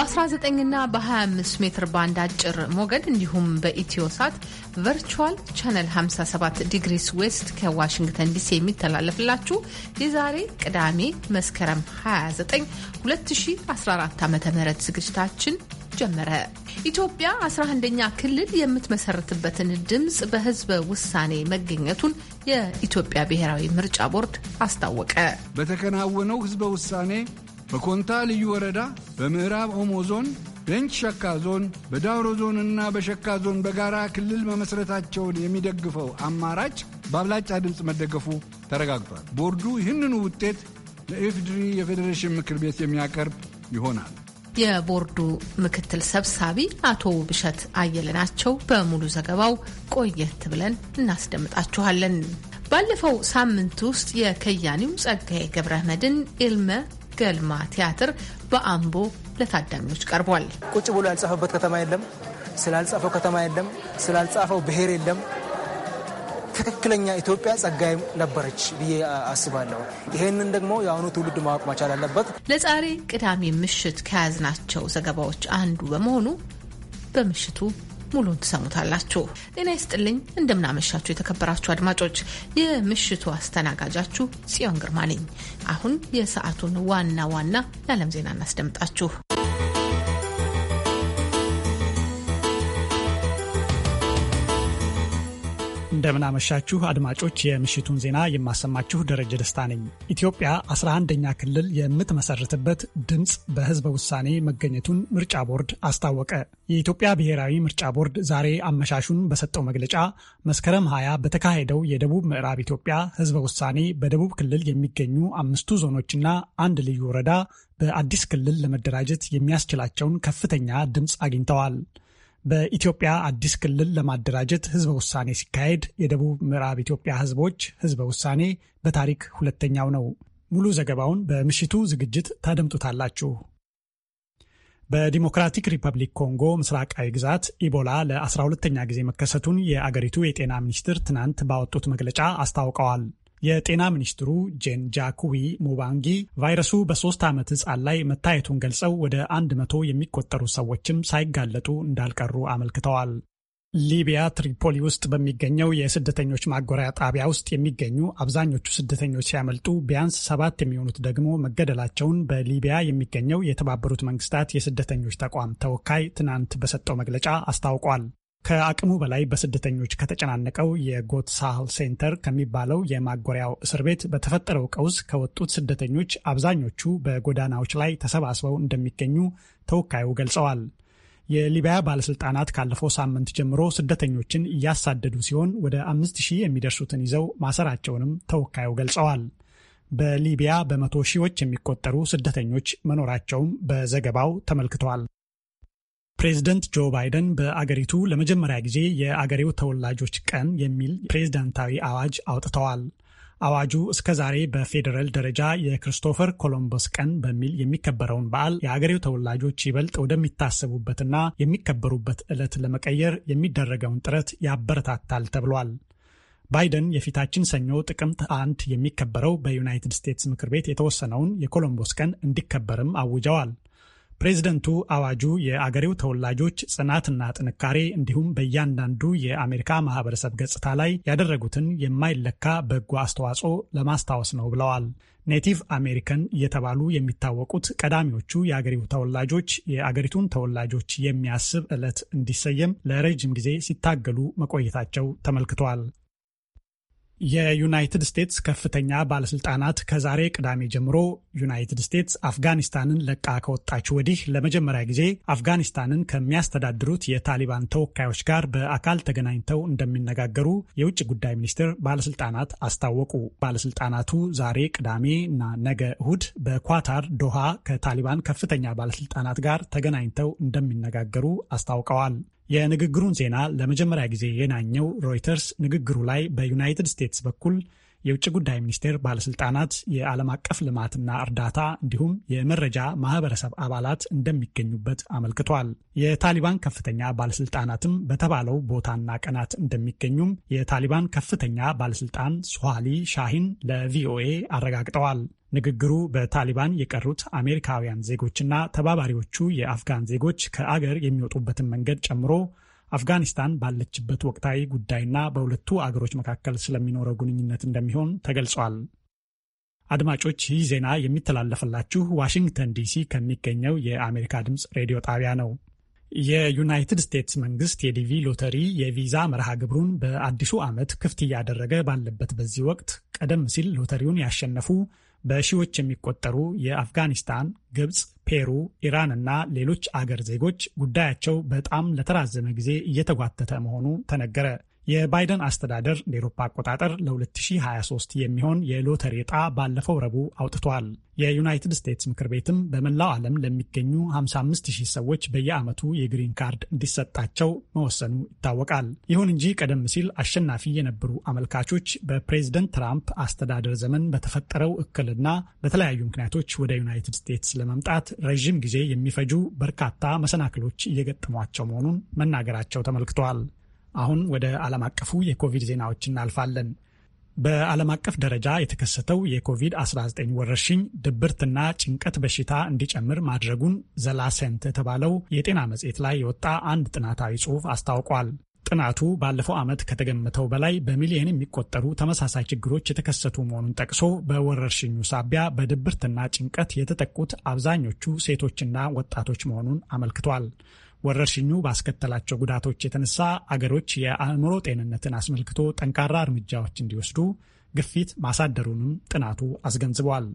በ19ና በ25 ሜትር ባንድ አጭር ሞገድ እንዲሁም በኢትዮ ሳት ቨርቹዋል ቻነል 57 ዲግሪስ ዌስት ከዋሽንግተን ዲሲ የሚተላለፍላችሁ የዛሬ ቅዳሜ መስከረም 29 2014 ዓ ም ዝግጅታችን ጀመረ። ኢትዮጵያ 11ኛ ክልል የምትመሰርትበትን ድምፅ በህዝበ ውሳኔ መገኘቱን የኢትዮጵያ ብሔራዊ ምርጫ ቦርድ አስታወቀ። በተከናወነው ህዝበ ውሳኔ በኮንታ ልዩ ወረዳ፣ በምዕራብ ኦሞ ዞን፣ በቤንች ሸካ ዞን፣ በዳውሮ ዞን እና በሸካ ዞን በጋራ ክልል መመስረታቸውን የሚደግፈው አማራጭ በአብላጫ ድምፅ መደገፉ ተረጋግጧል። ቦርዱ ይህንኑ ውጤት ለኢፌዴሪ የፌዴሬሽን ምክር ቤት የሚያቀርብ ይሆናል። የቦርዱ ምክትል ሰብሳቢ አቶ ውብሸት አየለ ናቸው። በሙሉ ዘገባው ቆየት ብለን እናስደምጣችኋለን። ባለፈው ሳምንት ውስጥ የከያኒው ጸጋዬ ገብረ መድን ኢልመ ገልማ ቲያትር በአምቦ ለታዳሚዎች ቀርቧል። ቁጭ ብሎ ያልጻፈበት ከተማ የለም፣ ስላልጻፈው ከተማ የለም፣ ስላልጻፈው ብሔር የለም። ትክክለኛ ኢትዮጵያ ጸጋይ ነበረች ብዬ አስባለሁ። ይሄንን ደግሞ የአሁኑ ትውልድ ማወቅ መቻል አለበት። ለዛሬ ቅዳሜ ምሽት ከያዝናቸው ዘገባዎች አንዱ በመሆኑ በምሽቱ ሙሉን ትሰሙታላችሁ። ጤና ይስጥልኝ። እንደምናመሻችሁ የተከበራችሁ አድማጮች፣ የምሽቱ አስተናጋጃችሁ ጽዮን ግርማ ነኝ። አሁን የሰዓቱን ዋና ዋና የዓለም ዜና እናስደምጣችሁ። እንደምናመሻችሁ አድማጮች፣ የምሽቱን ዜና የማሰማችሁ ደረጀ ደስታ ነኝ። ኢትዮጵያ 11ኛ ክልል የምትመሰርትበት ድምፅ በህዝበ ውሳኔ መገኘቱን ምርጫ ቦርድ አስታወቀ። የኢትዮጵያ ብሔራዊ ምርጫ ቦርድ ዛሬ አመሻሹን በሰጠው መግለጫ መስከረም 20 በተካሄደው የደቡብ ምዕራብ ኢትዮጵያ ህዝበ ውሳኔ በደቡብ ክልል የሚገኙ አምስቱ ዞኖችና አንድ ልዩ ወረዳ በአዲስ ክልል ለመደራጀት የሚያስችላቸውን ከፍተኛ ድምፅ አግኝተዋል። በኢትዮጵያ አዲስ ክልል ለማደራጀት ህዝበ ውሳኔ ሲካሄድ የደቡብ ምዕራብ ኢትዮጵያ ህዝቦች ህዝበ ውሳኔ በታሪክ ሁለተኛው ነው። ሙሉ ዘገባውን በምሽቱ ዝግጅት ታደምጡታላችሁ። በዲሞክራቲክ ሪፐብሊክ ኮንጎ ምስራቃዊ ግዛት ኢቦላ ለ12ተኛ ጊዜ መከሰቱን የአገሪቱ የጤና ሚኒስትር ትናንት ባወጡት መግለጫ አስታውቀዋል። የጤና ሚኒስትሩ ጄን ጃኩዊ ሙባንጊ ቫይረሱ በሶስት ዓመት ህፃን ላይ መታየቱን ገልጸው ወደ አንድ መቶ የሚቆጠሩ ሰዎችም ሳይጋለጡ እንዳልቀሩ አመልክተዋል። ሊቢያ ትሪፖሊ ውስጥ በሚገኘው የስደተኞች ማጎሪያ ጣቢያ ውስጥ የሚገኙ አብዛኞቹ ስደተኞች ሲያመልጡ ቢያንስ ሰባት የሚሆኑት ደግሞ መገደላቸውን በሊቢያ የሚገኘው የተባበሩት መንግስታት የስደተኞች ተቋም ተወካይ ትናንት በሰጠው መግለጫ አስታውቋል። ከአቅሙ በላይ በስደተኞች ከተጨናነቀው የጎት ሳህል ሴንተር ከሚባለው የማጎሪያው እስር ቤት በተፈጠረው ቀውስ ከወጡት ስደተኞች አብዛኞቹ በጎዳናዎች ላይ ተሰባስበው እንደሚገኙ ተወካዩ ገልጸዋል። የሊቢያ ባለስልጣናት ካለፈው ሳምንት ጀምሮ ስደተኞችን እያሳደዱ ሲሆን ወደ አምስት ሺህ የሚደርሱትን ይዘው ማሰራቸውንም ተወካዩ ገልጸዋል። በሊቢያ በመቶ ሺዎች የሚቆጠሩ ስደተኞች መኖራቸውም በዘገባው ተመልክተዋል። ፕሬዝደንት ጆ ባይደን በአገሪቱ ለመጀመሪያ ጊዜ የአገሬው ተወላጆች ቀን የሚል ፕሬዚደንታዊ አዋጅ አውጥተዋል። አዋጁ እስከ ዛሬ በፌዴራል ደረጃ የክሪስቶፈር ኮሎምበስ ቀን በሚል የሚከበረውን በዓል የአገሬው ተወላጆች ይበልጥ ወደሚታሰቡበትና የሚከበሩበት ዕለት ለመቀየር የሚደረገውን ጥረት ያበረታታል ተብሏል። ባይደን የፊታችን ሰኞ ጥቅምት አንድ የሚከበረው በዩናይትድ ስቴትስ ምክር ቤት የተወሰነውን የኮሎምቦስ ቀን እንዲከበርም አውጀዋል። ፕሬዝደንቱ አዋጁ የአገሬው ተወላጆች ጽናትና ጥንካሬ እንዲሁም በእያንዳንዱ የአሜሪካ ማህበረሰብ ገጽታ ላይ ያደረጉትን የማይለካ በጎ አስተዋጽኦ ለማስታወስ ነው ብለዋል። ኔቲቭ አሜሪካን እየተባሉ የሚታወቁት ቀዳሚዎቹ የአገሬው ተወላጆች የአገሪቱን ተወላጆች የሚያስብ ዕለት እንዲሰየም ለረጅም ጊዜ ሲታገሉ መቆየታቸው ተመልክቷል። የዩናይትድ ስቴትስ ከፍተኛ ባለስልጣናት ከዛሬ ቅዳሜ ጀምሮ ዩናይትድ ስቴትስ አፍጋኒስታንን ለቃ ከወጣች ወዲህ ለመጀመሪያ ጊዜ አፍጋኒስታንን ከሚያስተዳድሩት የታሊባን ተወካዮች ጋር በአካል ተገናኝተው እንደሚነጋገሩ የውጭ ጉዳይ ሚኒስቴር ባለስልጣናት አስታወቁ። ባለስልጣናቱ ዛሬ ቅዳሜ እና ነገ እሁድ በኳታር ዶሃ ከታሊባን ከፍተኛ ባለስልጣናት ጋር ተገናኝተው እንደሚነጋገሩ አስታውቀዋል። የንግግሩን ዜና ለመጀመሪያ ጊዜ የናኘው ሮይተርስ ንግግሩ ላይ በዩናይትድ ስቴትስ በኩል የውጭ ጉዳይ ሚኒስቴር ባለስልጣናት፣ የዓለም አቀፍ ልማትና እርዳታ እንዲሁም የመረጃ ማህበረሰብ አባላት እንደሚገኙበት አመልክቷል። የታሊባን ከፍተኛ ባለስልጣናትም በተባለው ቦታና ቀናት እንደሚገኙም የታሊባን ከፍተኛ ባለስልጣን ሶሃሊ ሻሂን ለቪኦኤ አረጋግጠዋል። ንግግሩ በታሊባን የቀሩት አሜሪካውያን ዜጎችና ተባባሪዎቹ የአፍጋን ዜጎች ከአገር የሚወጡበትን መንገድ ጨምሮ አፍጋኒስታን ባለችበት ወቅታዊ ጉዳይና በሁለቱ አገሮች መካከል ስለሚኖረው ግንኙነት እንደሚሆን ተገልጿል። አድማጮች ይህ ዜና የሚተላለፍላችሁ ዋሽንግተን ዲሲ ከሚገኘው የአሜሪካ ድምፅ ሬዲዮ ጣቢያ ነው። የዩናይትድ ስቴትስ መንግስት የዲቪ ሎተሪ የቪዛ መርሃ ግብሩን በአዲሱ ዓመት ክፍት እያደረገ ባለበት በዚህ ወቅት ቀደም ሲል ሎተሪውን ያሸነፉ በሺዎች የሚቆጠሩ የአፍጋኒስታን፣ ግብፅ፣ ፔሩ፣ ኢራን እና ሌሎች አገር ዜጎች ጉዳያቸው በጣም ለተራዘመ ጊዜ እየተጓተተ መሆኑ ተነገረ። የባይደን አስተዳደር እንደ ኤሮፓ አቆጣጠር ለ2023 የሚሆን የሎተሪ ዕጣ ባለፈው ረቡዕ አውጥቷል። የዩናይትድ ስቴትስ ምክር ቤትም በመላው ዓለም ለሚገኙ 55000 ሰዎች በየዓመቱ የግሪን ካርድ እንዲሰጣቸው መወሰኑ ይታወቃል። ይሁን እንጂ ቀደም ሲል አሸናፊ የነበሩ አመልካቾች በፕሬዝደንት ትራምፕ አስተዳደር ዘመን በተፈጠረው እክልና በተለያዩ ምክንያቶች ወደ ዩናይትድ ስቴትስ ለመምጣት ረዥም ጊዜ የሚፈጁ በርካታ መሰናክሎች እየገጠሟቸው መሆኑን መናገራቸው ተመልክተዋል። አሁን ወደ ዓለም አቀፉ የኮቪድ ዜናዎች እናልፋለን። በዓለም አቀፍ ደረጃ የተከሰተው የኮቪድ-19 ወረርሽኝ ድብርትና ጭንቀት በሽታ እንዲጨምር ማድረጉን ዘላሰንት የተባለው የጤና መጽሔት ላይ የወጣ አንድ ጥናታዊ ጽሑፍ አስታውቋል። ጥናቱ ባለፈው ዓመት ከተገመተው በላይ በሚሊየን የሚቆጠሩ ተመሳሳይ ችግሮች የተከሰቱ መሆኑን ጠቅሶ በወረርሽኙ ሳቢያ በድብርትና ጭንቀት የተጠቁት አብዛኞቹ ሴቶችና ወጣቶች መሆኑን አመልክቷል። ወረርሽኙ ባስከተላቸው ጉዳቶች የተነሳ አገሮች የአእምሮ ጤንነትን አስመልክቶ ጠንካራ እርምጃዎች እንዲወስዱ ግፊት ማሳደሩንም ጥናቱ አስገንዝቧል።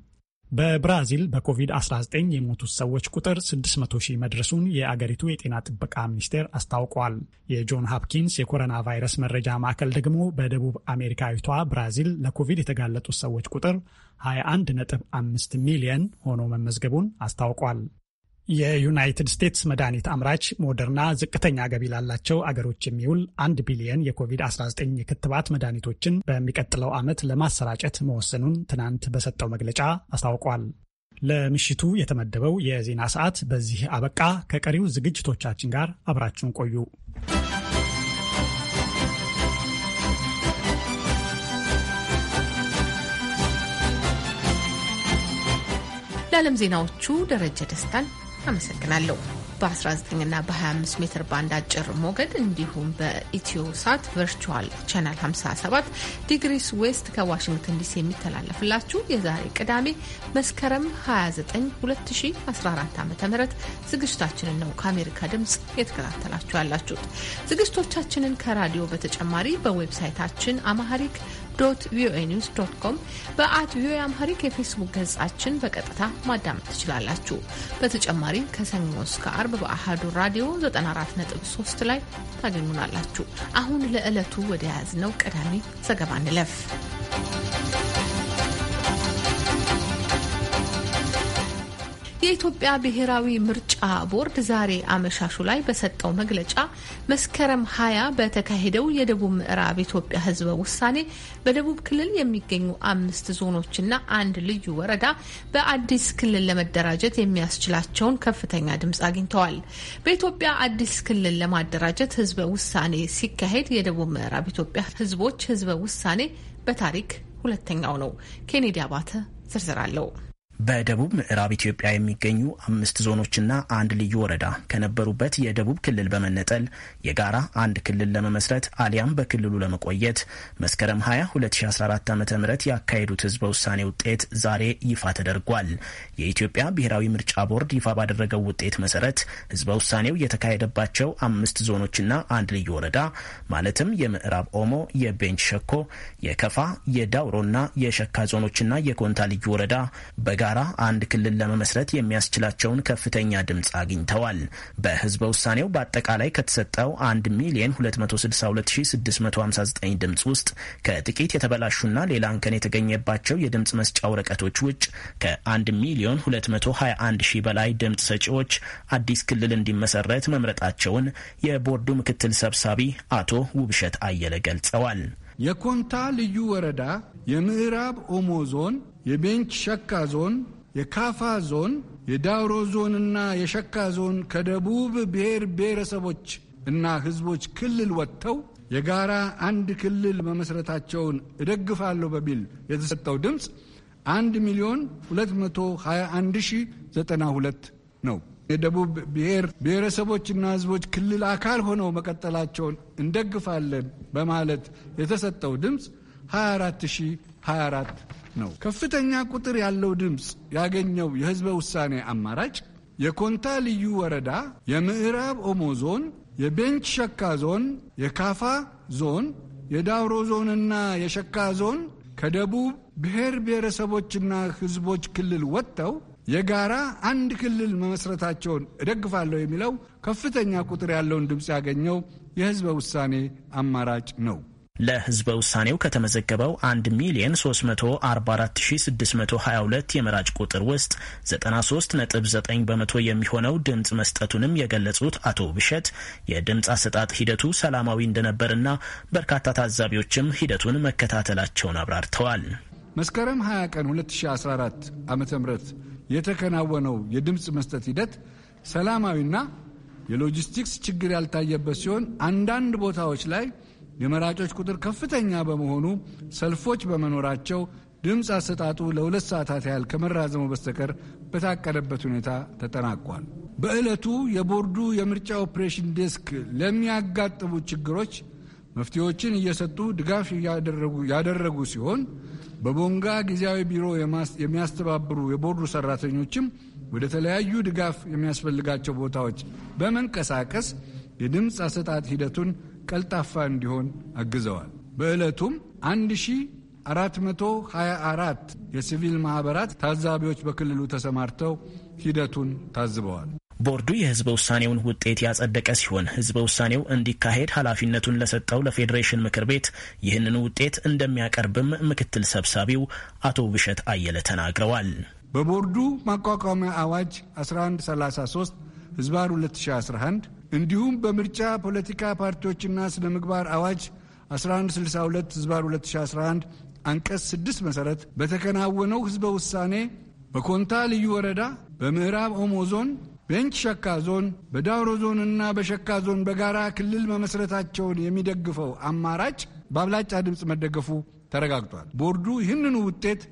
በብራዚል በኮቪድ-19 የሞቱት ሰዎች ቁጥር 600 ሺህ መድረሱን የአገሪቱ የጤና ጥበቃ ሚኒስቴር አስታውቋል። የጆን ሃፕኪንስ የኮሮና ቫይረስ መረጃ ማዕከል ደግሞ በደቡብ አሜሪካዊቷ ብራዚል ለኮቪድ የተጋለጡት ሰዎች ቁጥር 21.5 ሚሊየን ሆኖ መመዝገቡን አስታውቋል። የዩናይትድ ስቴትስ መድኃኒት አምራች ሞደርና ዝቅተኛ ገቢ ላላቸው አገሮች የሚውል አንድ ቢሊየን የኮቪድ-19 የክትባት መድኃኒቶችን በሚቀጥለው ዓመት ለማሰራጨት መወሰኑን ትናንት በሰጠው መግለጫ አስታውቋል። ለምሽቱ የተመደበው የዜና ሰዓት በዚህ አበቃ። ከቀሪው ዝግጅቶቻችን ጋር አብራችሁን ቆዩ። ለዓለም ዜናዎቹ ደረጀ ደስታን አመሰግናለሁ። በ19ና በ25 ሜትር ባንድ አጭር ሞገድ እንዲሁም በኢትዮ ሳት ቨርቹዋል ቻናል 57 ዲግሪስ ዌስት ከዋሽንግተን ዲሲ የሚተላለፍላችሁ የዛሬ ቅዳሜ መስከረም 29 2014 ዓ ም ዝግጅታችንን ነው ከአሜሪካ ድምፅ የተከታተላችሁ ያላችሁት። ዝግጅቶቻችንን ከራዲዮ በተጨማሪ በዌብሳይታችን አማሃሪክ ዶት ቪኦኤ ኒውስ ዶት ኮም በአት ቪኦኤ አምሃሪክ የፌስቡክ ገጻችን በቀጥታ ማዳመጥ ትችላላችሁ። በተጨማሪም ከሰኞ እስከ አርብ በአህዱ ራዲዮ 94.3 ላይ ታገኙናላችሁ። አሁን ለዕለቱ ወደ ያዝነው ቀዳሚ ዘገባ እንለፍ። የኢትዮጵያ ብሔራዊ ምርጫ ቦርድ ዛሬ አመሻሹ ላይ በሰጠው መግለጫ መስከረም ሀያ በተካሄደው የደቡብ ምዕራብ ኢትዮጵያ ሕዝበ ውሳኔ በደቡብ ክልል የሚገኙ አምስት ዞኖችና አንድ ልዩ ወረዳ በአዲስ ክልል ለመደራጀት የሚያስችላቸውን ከፍተኛ ድምፅ አግኝተዋል። በኢትዮጵያ አዲስ ክልል ለማደራጀት ሕዝበ ውሳኔ ሲካሄድ የደቡብ ምዕራብ ኢትዮጵያ ሕዝቦች ሕዝበ ውሳኔ በታሪክ ሁለተኛው ነው። ኬኔዲ አባተ ዝርዝር አለው። በደቡብ ምዕራብ ኢትዮጵያ የሚገኙ አምስት ዞኖችና አንድ ልዩ ወረዳ ከነበሩበት የደቡብ ክልል በመነጠል የጋራ አንድ ክልል ለመመስረት አሊያም በክልሉ ለመቆየት መስከረም 20 2014 ዓ ም ያካሄዱት ህዝበ ውሳኔ ውጤት ዛሬ ይፋ ተደርጓል። የኢትዮጵያ ብሔራዊ ምርጫ ቦርድ ይፋ ባደረገው ውጤት መሰረት ህዝበ ውሳኔው የተካሄደባቸው አምስት ዞኖችና አንድ ልዩ ወረዳ ማለትም የምዕራብ ኦሞ፣ የቤንች ሸኮ፣ የከፋ፣ የዳውሮና የሸካ ዞኖችና የኮንታ ልዩ ወረዳ በጋ በጋራ አንድ ክልል ለመመስረት የሚያስችላቸውን ከፍተኛ ድምፅ አግኝተዋል። በህዝበ ውሳኔው በአጠቃላይ ከተሰጠው 1 ሚሊዮን 262659 ድምፅ ውስጥ ከጥቂት የተበላሹና ሌላ እንከን የተገኘባቸው የድምፅ መስጫ ወረቀቶች ውጭ ከ1 ሚሊዮን 221 ሺህ በላይ ድምፅ ሰጪዎች አዲስ ክልል እንዲመሰረት መምረጣቸውን የቦርዱ ምክትል ሰብሳቢ አቶ ውብሸት አየለ ገልጸዋል። የኮንታ ልዩ ወረዳ የምዕራብ ኦሞ ዞን የቤንች ሸካ ዞን፣ የካፋ ዞን፣ የዳውሮ ዞንና የሸካ ዞን ከደቡብ ብሔር ብሔረሰቦች እና ሕዝቦች ክልል ወጥተው የጋራ አንድ ክልል መመስረታቸውን እደግፋለሁ በሚል የተሰጠው ድምፅ 1 ሚሊዮን 221092 ነው። የደቡብ ብሔር ብሔረሰቦችና ሕዝቦች ክልል አካል ሆነው መቀጠላቸውን እንደግፋለን በማለት የተሰጠው ድምፅ 24024 ነው። ከፍተኛ ቁጥር ያለው ድምፅ ያገኘው የህዝበ ውሳኔ አማራጭ የኮንታ ልዩ ወረዳ፣ የምዕራብ ኦሞ ዞን፣ የቤንች ሸካ ዞን፣ የካፋ ዞን፣ የዳውሮ ዞንና የሸካ ዞን ከደቡብ ብሔር ብሔረሰቦችና ህዝቦች ክልል ወጥተው የጋራ አንድ ክልል መመስረታቸውን እደግፋለሁ የሚለው ከፍተኛ ቁጥር ያለውን ድምፅ ያገኘው የህዝበ ውሳኔ አማራጭ ነው። ለህዝበ ውሳኔው ከተመዘገበው 1 ሚሊዮን 344622 የመራጭ ቁጥር ውስጥ 93.9 በመቶ የሚሆነው ድምፅ መስጠቱንም የገለጹት አቶ ብሸት የድምፅ አሰጣጥ ሂደቱ ሰላማዊ እንደነበርና በርካታ ታዛቢዎችም ሂደቱን መከታተላቸውን አብራርተዋል። መስከረም 20 ቀን 2014 ዓ ም የተከናወነው የድምፅ መስጠት ሂደት ሰላማዊና የሎጂስቲክስ ችግር ያልታየበት ሲሆን አንዳንድ ቦታዎች ላይ የመራጮች ቁጥር ከፍተኛ በመሆኑ ሰልፎች በመኖራቸው ድምፅ አሰጣጡ ለሁለት ሰዓታት ያህል ከመራዘሙ በስተቀር በታቀደበት ሁኔታ ተጠናቋል። በዕለቱ የቦርዱ የምርጫ ኦፕሬሽን ዴስክ ለሚያጋጥሙ ችግሮች መፍትሄዎችን እየሰጡ ድጋፍ ያደረጉ ሲሆን በቦንጋ ጊዜያዊ ቢሮ የሚያስተባብሩ የቦርዱ ሰራተኞችም ወደ ተለያዩ ድጋፍ የሚያስፈልጋቸው ቦታዎች በመንቀሳቀስ የድምፅ አሰጣጥ ሂደቱን ቀልጣፋ እንዲሆን አግዘዋል። በዕለቱም 1424 የሲቪል ማኅበራት ታዛቢዎች በክልሉ ተሰማርተው ሂደቱን ታዝበዋል። ቦርዱ የህዝበ ውሳኔውን ውጤት ያጸደቀ ሲሆን ህዝበ ውሳኔው እንዲካሄድ ኃላፊነቱን ለሰጠው ለፌዴሬሽን ምክር ቤት ይህንን ውጤት እንደሚያቀርብም ምክትል ሰብሳቢው አቶ ብሸት አየለ ተናግረዋል። በቦርዱ ማቋቋሚያ አዋጅ 1133 ህዝባር 2011 እንዲሁም በምርጫ ፖለቲካ ፓርቲዎችና ስነ ምግባር አዋጅ 1162 ህዝባር 2011 አንቀጽ 6 መሠረት በተከናወነው ህዝበ ውሳኔ በኮንታ ልዩ ወረዳ፣ በምዕራብ ኦሞ ዞን፣ በንች ሸካ ዞን፣ በዳውሮ ዞንና በሸካ ዞን በጋራ ክልል መመስረታቸውን የሚደግፈው አማራጭ በአብላጫ ድምፅ መደገፉ ተረጋግጧል። ቦርዱ ይህንኑ ውጤት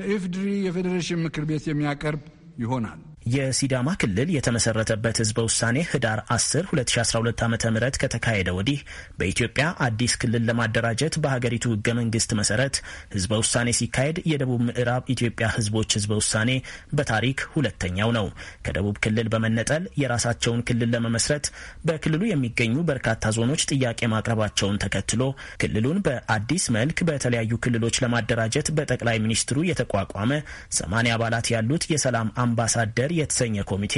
ለኢፌዴሪ የፌዴሬሽን ምክር ቤት የሚያቀርብ ይሆናል። የሲዳማ ክልል የተመሰረተበት ህዝበ ውሳኔ ህዳር 10 2012 ዓ ም ከተካሄደ ወዲህ በኢትዮጵያ አዲስ ክልል ለማደራጀት በሀገሪቱ ህገ መንግስት መሰረት ህዝበ ውሳኔ ሲካሄድ የደቡብ ምዕራብ ኢትዮጵያ ህዝቦች ህዝበ ውሳኔ በታሪክ ሁለተኛው ነው። ከደቡብ ክልል በመነጠል የራሳቸውን ክልል ለመመስረት በክልሉ የሚገኙ በርካታ ዞኖች ጥያቄ ማቅረባቸውን ተከትሎ ክልሉን በአዲስ መልክ በተለያዩ ክልሎች ለማደራጀት በጠቅላይ ሚኒስትሩ የተቋቋመ 80 አባላት ያሉት የሰላም አምባሳደር የተሰኘ ኮሚቴ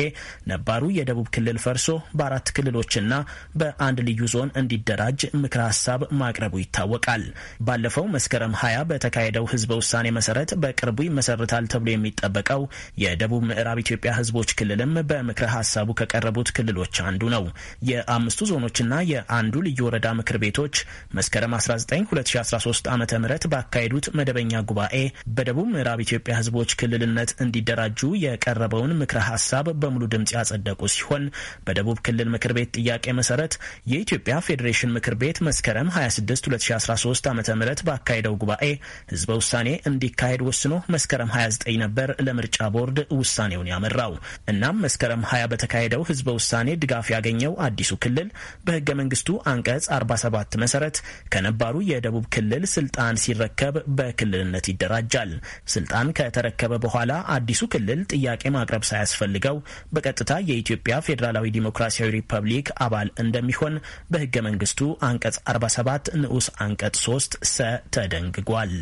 ነባሩ የደቡብ ክልል ፈርሶ በአራት ክልሎችና በአንድ ልዩ ዞን እንዲደራጅ ምክረ ሀሳብ ማቅረቡ ይታወቃል። ባለፈው መስከረም ሀያ በተካሄደው ህዝበ ውሳኔ መሰረት በቅርቡ ይመሰርታል ተብሎ የሚጠበቀው የደቡብ ምዕራብ ኢትዮጵያ ህዝቦች ክልልም በምክረ ሀሳቡ ከቀረቡት ክልሎች አንዱ ነው። የአምስቱ ዞኖችና የአንዱ ልዩ ወረዳ ምክር ቤቶች መስከረም 19 2013 ዓ ም ባካሄዱት መደበኛ ጉባኤ በደቡብ ምዕራብ ኢትዮጵያ ህዝቦች ክልልነት እንዲደራጁ የቀረበውን ምክረ ሀሳብ በሙሉ ድምፅ ያጸደቁ ሲሆን በደቡብ ክልል ምክር ቤት ጥያቄ መሰረት የኢትዮጵያ ፌዴሬሽን ምክር ቤት መስከረም 26 2013 ዓ ም ባካሄደው ጉባኤ ህዝበ ውሳኔ እንዲካሄድ ወስኖ መስከረም 29 ነበር ለምርጫ ቦርድ ውሳኔውን ያመራው። እናም መስከረም 20 በተካሄደው ህዝበ ውሳኔ ድጋፍ ያገኘው አዲሱ ክልል በህገ መንግስቱ አንቀጽ 47 መሰረት ከነባሩ የደቡብ ክልል ስልጣን ሲረከብ በክልልነት ይደራጃል። ስልጣን ከተረከበ በኋላ አዲሱ ክልል ጥያቄ ማቅረብ ሳያ ሳያስፈልገው በቀጥታ የኢትዮጵያ ፌዴራላዊ ዲሞክራሲያዊ ሪፐብሊክ አባል እንደሚሆን በህገ መንግስቱ አንቀጽ 47 ንዑስ አንቀጽ 3 ሰ ተደንግጓል።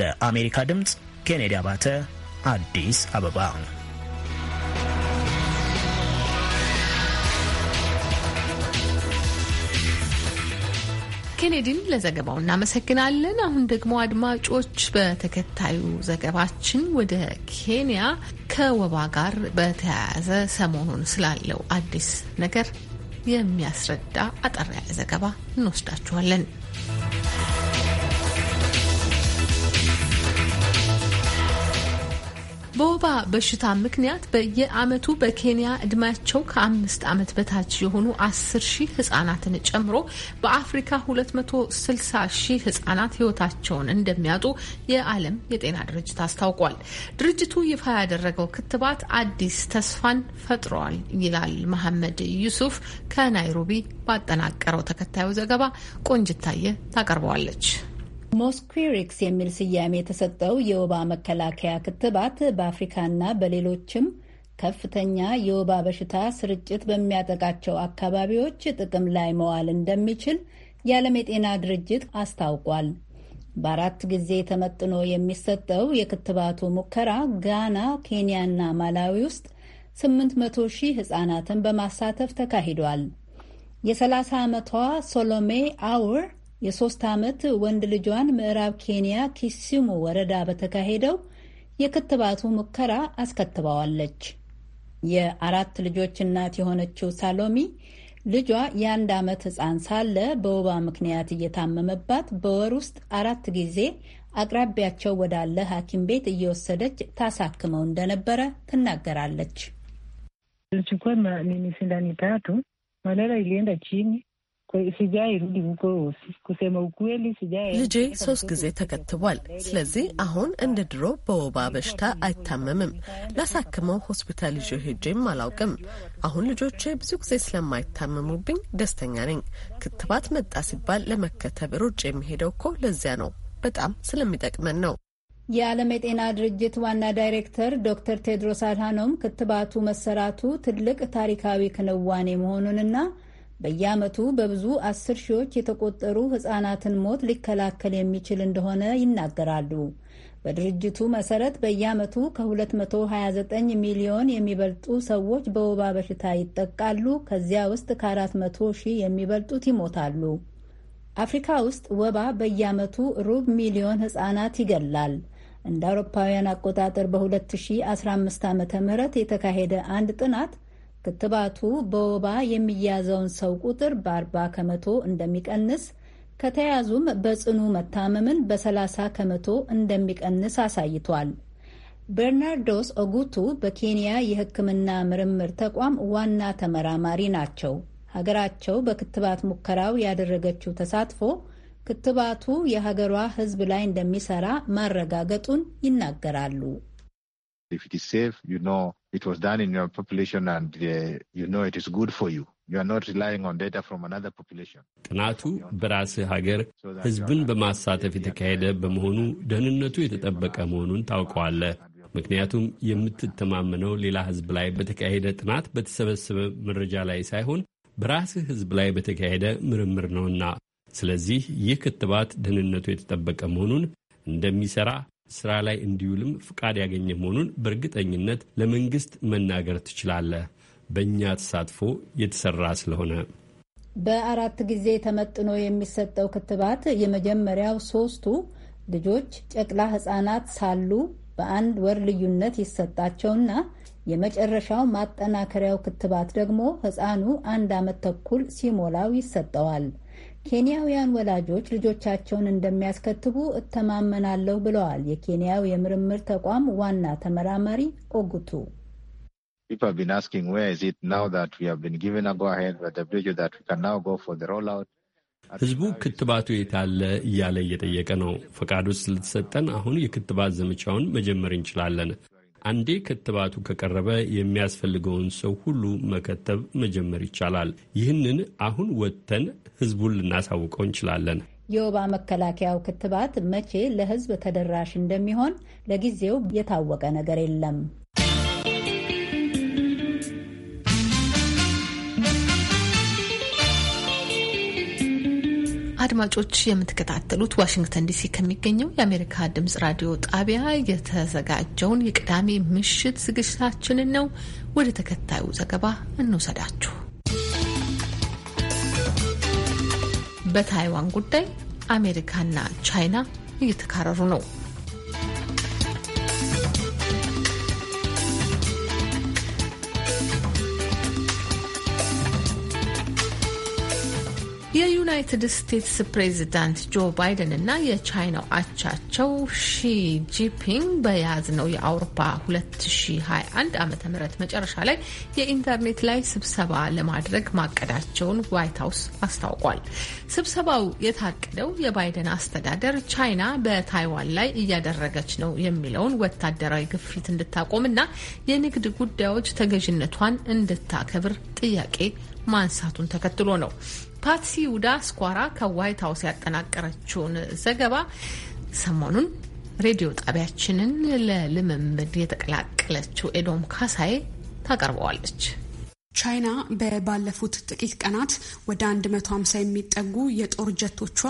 ለአሜሪካ ድምፅ ኬኔዲ አባተ አዲስ አበባ ኬኔዲን ለዘገባው እናመሰግናለን። አሁን ደግሞ አድማጮች በተከታዩ ዘገባችን ወደ ኬንያ ከወባ ጋር በተያያዘ ሰሞኑን ስላለው አዲስ ነገር የሚያስረዳ አጠር ያለ ዘገባ እንወስዳችኋለን። በወባ በሽታ ምክንያት በየዓመቱ በኬንያ እድሜያቸው ከአምስት ዓመት በታች የሆኑ አስር ሺህ ህጻናትን ጨምሮ በአፍሪካ ሁለት መቶ ስልሳ ሺህ ህጻናት ህይወታቸውን እንደሚያጡ የዓለም የጤና ድርጅት አስታውቋል። ድርጅቱ ይፋ ያደረገው ክትባት አዲስ ተስፋን ፈጥረዋል ይላል መሐመድ ዩሱፍ ከናይሮቢ ባጠናቀረው ተከታዩ ዘገባ ቆንጅታየ ታቀርበዋለች። ሞስኩሪክስ የሚል ስያሜ የተሰጠው የወባ መከላከያ ክትባት በአፍሪካና በሌሎችም ከፍተኛ የወባ በሽታ ስርጭት በሚያጠቃቸው አካባቢዎች ጥቅም ላይ መዋል እንደሚችል የዓለም የጤና ድርጅት አስታውቋል። በአራት ጊዜ ተመጥኖ የሚሰጠው የክትባቱ ሙከራ ጋና፣ ኬንያና ማላዊ ውስጥ 800 ሺህ ሕፃናትን በማሳተፍ ተካሂዷል። የ30 ዓመቷ ሶሎሜ አውር የሶስት ዓመት ወንድ ልጇን ምዕራብ ኬንያ ኪሲሙ ወረዳ በተካሄደው የክትባቱ ሙከራ አስከትባዋለች። የአራት ልጆች እናት የሆነችው ሳሎሚ ልጇ የአንድ ዓመት ሕፃን ሳለ በወባ ምክንያት እየታመመባት በወር ውስጥ አራት ጊዜ አቅራቢያቸው ወዳለ ሐኪም ቤት እየወሰደች ታሳክመው እንደነበረ ትናገራለች። ልጄ ሶስት ጊዜ ተከትቧል። ስለዚህ አሁን እንደ ድሮ በወባ በሽታ አይታመምም። ላሳክመው ሆስፒታል ይዤ ሄጄም አላውቅም። አሁን ልጆቼ ብዙ ጊዜ ስለማይታመሙብኝ ደስተኛ ነኝ። ክትባት መጣ ሲባል ለመከተብ ሩጭ የሚሄደው እኮ ለዚያ ነው። በጣም ስለሚጠቅመን ነው። የዓለም የጤና ድርጅት ዋና ዳይሬክተር ዶክተር ቴድሮስ አድሃኖም ክትባቱ መሰራቱ ትልቅ ታሪካዊ ክንዋኔ መሆኑንና በየዓመቱ በብዙ አስር ሺዎች የተቆጠሩ ሕፃናትን ሞት ሊከላከል የሚችል እንደሆነ ይናገራሉ። በድርጅቱ መሰረት በየዓመቱ ከ229 ሚሊዮን የሚበልጡ ሰዎች በወባ በሽታ ይጠቃሉ። ከዚያ ውስጥ ከ400 ሺህ የሚበልጡት ይሞታሉ። አፍሪካ ውስጥ ወባ በየዓመቱ ሩብ ሚሊዮን ሕፃናት ይገላል። እንደ አውሮፓውያን አቆጣጠር በ2015 ዓ ም የተካሄደ አንድ ጥናት ክትባቱ በወባ የሚያዘውን ሰው ቁጥር በ ከመቶ እንደሚቀንስ ከተያዙም በጽኑ መታመምን በ30 ከመቶ እንደሚቀንስ አሳይቷል። በርናርዶስ ኦጉቱ በኬንያ የሕክምና ምርምር ተቋም ዋና ተመራማሪ ናቸው። ሀገራቸው በክትባት ሙከራው ያደረገችው ተሳትፎ ክትባቱ የሀገሯ ሕዝብ ላይ እንደሚሰራ ማረጋገጡን ይናገራሉ። it was done in your population and uh, you know it is good for you. ጥናቱ በራስህ ሀገር ህዝብን በማሳተፍ የተካሄደ በመሆኑ ደህንነቱ የተጠበቀ መሆኑን ታውቀዋለህ። ምክንያቱም የምትተማመነው ሌላ ህዝብ ላይ በተካሄደ ጥናት በተሰበሰበ መረጃ ላይ ሳይሆን በራስህ ህዝብ ላይ በተካሄደ ምርምር ነውና። ስለዚህ ይህ ክትባት ደህንነቱ የተጠበቀ መሆኑን እንደሚሰራ። ስራ ላይ እንዲውልም ፍቃድ ያገኘ መሆኑን በእርግጠኝነት ለመንግስት መናገር ትችላለህ፣ በእኛ ተሳትፎ የተሰራ ስለሆነ። በአራት ጊዜ ተመጥኖ የሚሰጠው ክትባት የመጀመሪያው ሶስቱ ልጆች ጨቅላ ህጻናት ሳሉ በአንድ ወር ልዩነት ይሰጣቸውና የመጨረሻው ማጠናከሪያው ክትባት ደግሞ ህፃኑ አንድ ዓመት ተኩል ሲሞላው ይሰጠዋል። ኬንያውያን ወላጆች ልጆቻቸውን እንደሚያስከትቡ እተማመናለሁ ብለዋል የኬንያው የምርምር ተቋም ዋና ተመራማሪ ኦጉቱ። ህዝቡ ክትባቱ አለ እያለ እየጠየቀ ነው። ፈቃዱ ስለተሰጠን አሁን የክትባት ዘመቻውን መጀመር እንችላለን። አንዴ ክትባቱ ከቀረበ የሚያስፈልገውን ሰው ሁሉ መከተብ መጀመር ይቻላል። ይህንን አሁን ወጥተን ህዝቡን ልናሳውቀው እንችላለን። የወባ መከላከያው ክትባት መቼ ለህዝብ ተደራሽ እንደሚሆን ለጊዜው የታወቀ ነገር የለም። አድማጮች የምትከታተሉት ዋሽንግተን ዲሲ ከሚገኘው የአሜሪካ ድምጽ ራዲዮ ጣቢያ የተዘጋጀውን የቅዳሜ ምሽት ዝግጅታችንን ነው። ወደ ተከታዩ ዘገባ እንውሰዳችሁ። በታይዋን ጉዳይ አሜሪካና ቻይና እየተካረሩ ነው። የዩናይትድ ስቴትስ ፕሬዚዳንት ጆ ባይደን እና የቻይናው አቻቸው ሺ ጂፒንግ በያዝነው የአውሮፓ 2021 ዓ ም መጨረሻ ላይ የኢንተርኔት ላይ ስብሰባ ለማድረግ ማቀዳቸውን ዋይት ሀውስ አስታውቋል። ስብሰባው የታቀደው የባይደን አስተዳደር ቻይና በታይዋን ላይ እያደረገች ነው የሚለውን ወታደራዊ ግፊት እንድታቆም እና የንግድ ጉዳዮች ተገዥነቷን እንድታከብር ጥያቄ ማንሳቱን ተከትሎ ነው። ፓትሲ ውዳ ስኳራ ከዋይት ሀውስ ያጠናቀረችውን ዘገባ ሰሞኑን ሬዲዮ ጣቢያችንን ለልምምድ የተቀላቀለችው ኤዶም ካሳይ ታቀርበዋለች። ቻይና በባለፉት ጥቂት ቀናት ወደ 150 የሚጠጉ የጦር ጀቶቿ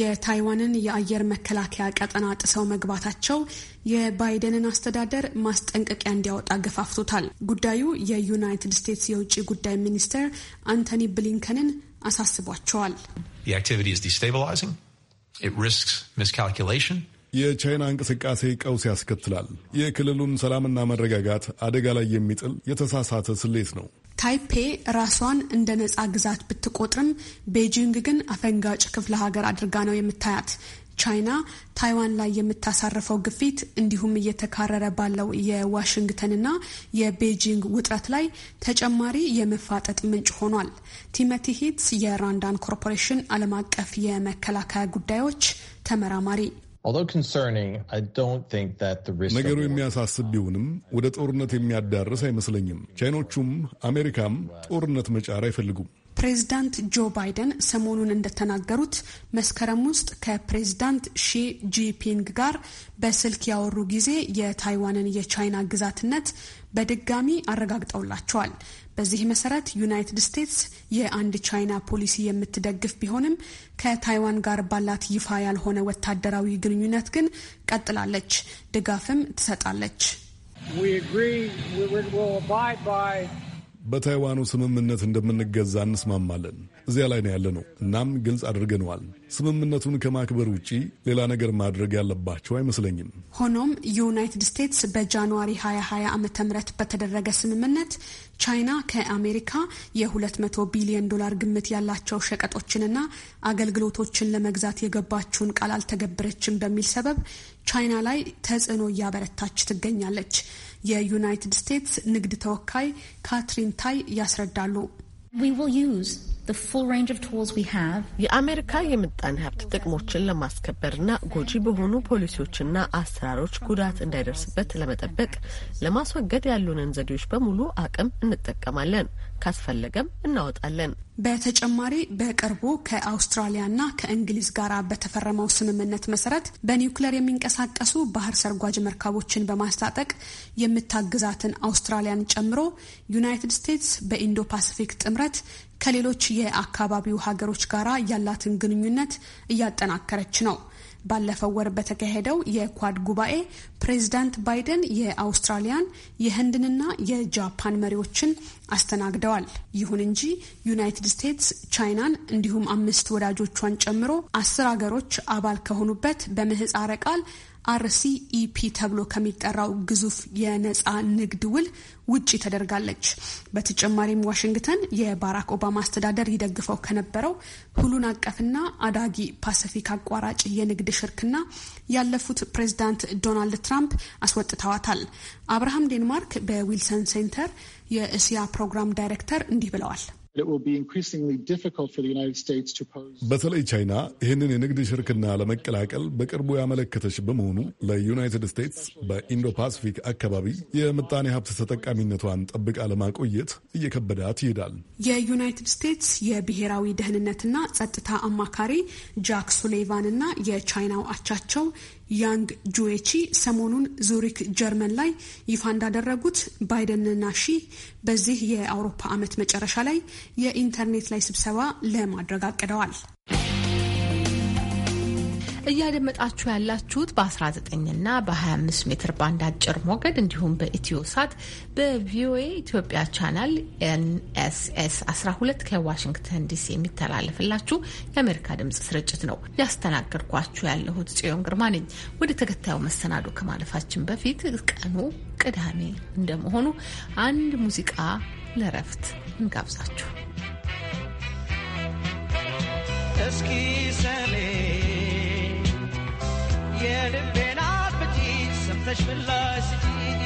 የታይዋንን የአየር መከላከያ ቀጠና ጥሰው መግባታቸው የባይደንን አስተዳደር ማስጠንቀቂያ እንዲያወጣ ገፋፍቶታል። ጉዳዩ የዩናይትድ ስቴትስ የውጭ ጉዳይ ሚኒስትር አንቶኒ ብሊንከንን አሳስቧቸዋል። የቻይና እንቅስቃሴ ቀውስ ያስከትላል። የክልሉን ሰላምና መረጋጋት አደጋ ላይ የሚጥል የተሳሳተ ስሌት ነው። ታይፔ ራሷን እንደ ነጻ ግዛት ብትቆጥርም ቤጂንግ ግን አፈንጋጭ ክፍለ ሀገር አድርጋ ነው የምታያት። ቻይና ታይዋን ላይ የምታሳርፈው ግፊት እንዲሁም እየተካረረ ባለው የዋሽንግተንና የቤጂንግ ውጥረት ላይ ተጨማሪ የመፋጠጥ ምንጭ ሆኗል። ቲሞቲ ሂትስ የራንዳን ኮርፖሬሽን ዓለም አቀፍ የመከላከያ ጉዳዮች ተመራማሪ ነገሩ የሚያሳስብ ቢሆንም ወደ ጦርነት የሚያዳርስ አይመስለኝም። ቻይኖቹም አሜሪካም ጦርነት መጫር አይፈልጉም። ፕሬዚዳንት ጆ ባይደን ሰሞኑን እንደተናገሩት መስከረም ውስጥ ከፕሬዚዳንት ሺ ጂፒንግ ጋር በስልክ ያወሩ ጊዜ የታይዋንን የቻይና ግዛትነት በድጋሚ አረጋግጠውላቸዋል። በዚህ መሰረት ዩናይትድ ስቴትስ የአንድ ቻይና ፖሊሲ የምትደግፍ ቢሆንም ከታይዋን ጋር ባላት ይፋ ያልሆነ ወታደራዊ ግንኙነት ግን ቀጥላለች፣ ድጋፍም ትሰጣለች። በታይዋኑ ስምምነት እንደምንገዛ እንስማማለን እዚያ ላይ ነው ያለ ነው። እናም ግልጽ አድርገነዋል። ስምምነቱን ከማክበር ውጪ ሌላ ነገር ማድረግ ያለባቸው አይመስለኝም። ሆኖም ዩናይትድ ስቴትስ በጃንዋሪ 2020 ዓ ም በተደረገ ስምምነት ቻይና ከአሜሪካ የ200 ቢሊዮን ዶላር ግምት ያላቸው ሸቀጦችንና አገልግሎቶችን ለመግዛት የገባችውን ቃል አልተገበረችም በሚል ሰበብ ቻይና ላይ ተጽዕኖ እያበረታች ትገኛለች። የዩናይትድ ስቴትስ ንግድ ተወካይ ካትሪን ታይ ያስረዳሉ። የአሜሪካ የምጣኔ ሀብት ጥቅሞችን ለማስከበርና ጎጂ በሆኑ ፖሊሲዎችና አሰራሮች ጉዳት እንዳይደርስበት ለመጠበቅ ለማስወገድ ያሉንን ዘዴዎች በሙሉ አቅም እንጠቀማለን። ካስፈለገም እናወጣለን። በተጨማሪ በቅርቡ ከአውስትራሊያና ከእንግሊዝ ጋር በተፈረመው ስምምነት መሰረት በኒውክሌር የሚንቀሳቀሱ ባህር ሰርጓጅ መርከቦችን በማስታጠቅ የምታግዛትን አውስትራሊያን ጨምሮ ዩናይትድ ስቴትስ በኢንዶ ፓሲፊክ ጥምረት ከሌሎች የአካባቢው ሀገሮች ጋር ያላትን ግንኙነት እያጠናከረች ነው። ባለፈው ወር በተካሄደው የኳድ ጉባኤ ፕሬዚዳንት ባይደን የአውስትራሊያን የህንድንና የጃፓን መሪዎችን አስተናግደዋል። ይሁን እንጂ ዩናይትድ ስቴትስ ቻይናን እንዲሁም አምስት ወዳጆቿን ጨምሮ አስር ሀገሮች አባል ከሆኑበት በምህፃረ ቃል አርሲኢፒ ተብሎ ከሚጠራው ግዙፍ የነፃ ንግድ ውል ውጪ ተደርጋለች። በተጨማሪም ዋሽንግተን የባራክ ኦባማ አስተዳደር ይደግፈው ከነበረው ሁሉን አቀፍና አዳጊ ፓሲፊክ አቋራጭ የንግድ ሽርክና ያለፉት ፕሬዚዳንት ዶናልድ ትራምፕ አስወጥተዋታል። አብርሃም ዴንማርክ በዊልሰን ሴንተር የእስያ ፕሮግራም ዳይሬክተር እንዲህ ብለዋል። በተለይ ቻይና ይህንን የንግድ ሽርክና ለመቀላቀል በቅርቡ ያመለከተች በመሆኑ ለዩናይትድ ስቴትስ በኢንዶ ፓሲፊክ አካባቢ የምጣኔ ሀብት ተጠቃሚነቷን ጠብቃ ለማቆየት እየከበዳት ይሄዳል። የዩናይትድ ስቴትስ የብሔራዊ ደህንነትና ጸጥታ አማካሪ ጃክ ሱሌቫን እና የቻይናው አቻቸው ያንግ ጁዌቺ ሰሞኑን ዙሪክ ጀርመን ላይ ይፋ እንዳደረጉት ባይደንና ሺ በዚህ የአውሮፓ ዓመት መጨረሻ ላይ የኢንተርኔት ላይ ስብሰባ ለማድረግ አቅደዋል። እያደመጣችሁ ያላችሁት በ19 እና በ25 ሜትር ባንድ አጭር ሞገድ እንዲሁም በኢትዮ ሳት በቪኦኤ ኢትዮጵያ ቻናል ኤንኤስኤስ 12 ከዋሽንግተን ዲሲ የሚተላለፍላችሁ የአሜሪካ ድምጽ ስርጭት ነው። ያስተናገድኳችሁ ያለሁት ጽዮን ግርማ ነኝ። ወደ ተከታዩ መሰናዶ ከማለፋችን በፊት ቀኑ ቅዳሜ እንደመሆኑ አንድ ሙዚቃ ለረፍት እንጋብዛችሁ። እስኪ ሰኔ የልቤና ብቲ ሰምተሽ ምላሽ ስጪኝ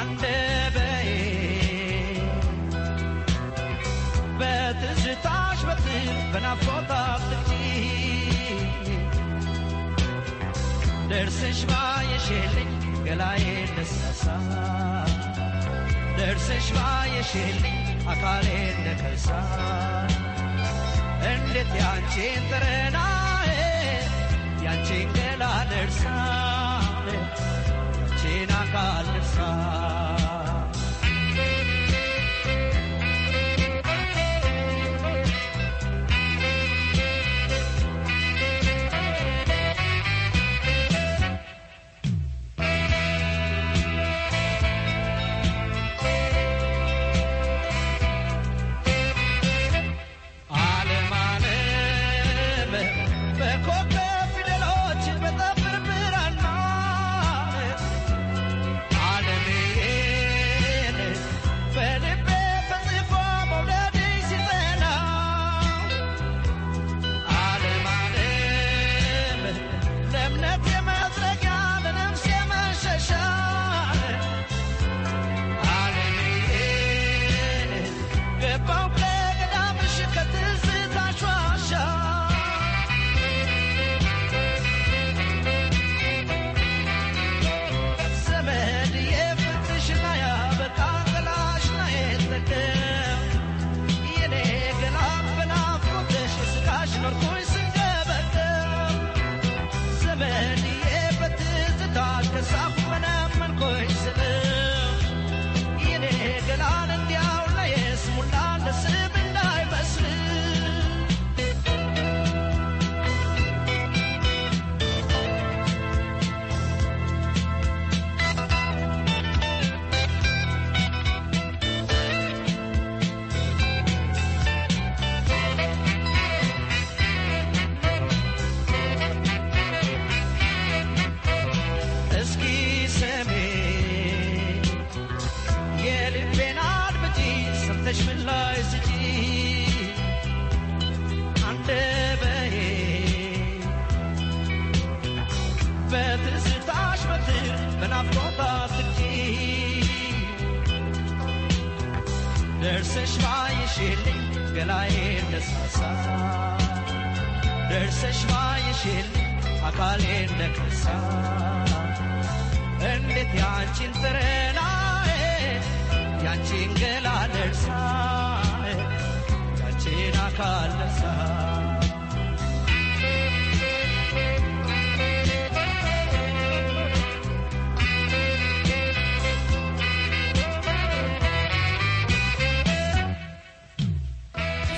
አንደበዬ በትዝታሽ በትል በናፍቆታ ትጂ ደርስሽ ባየሽልኝ ገላዬ ነሳሳ ደርስሽ ባየሽልኝ አካሌ ነከሳ እንዴት ያንቺን ጥረና ያንቺን ገላ ልርሳ ያንቺን አካል ልርሳ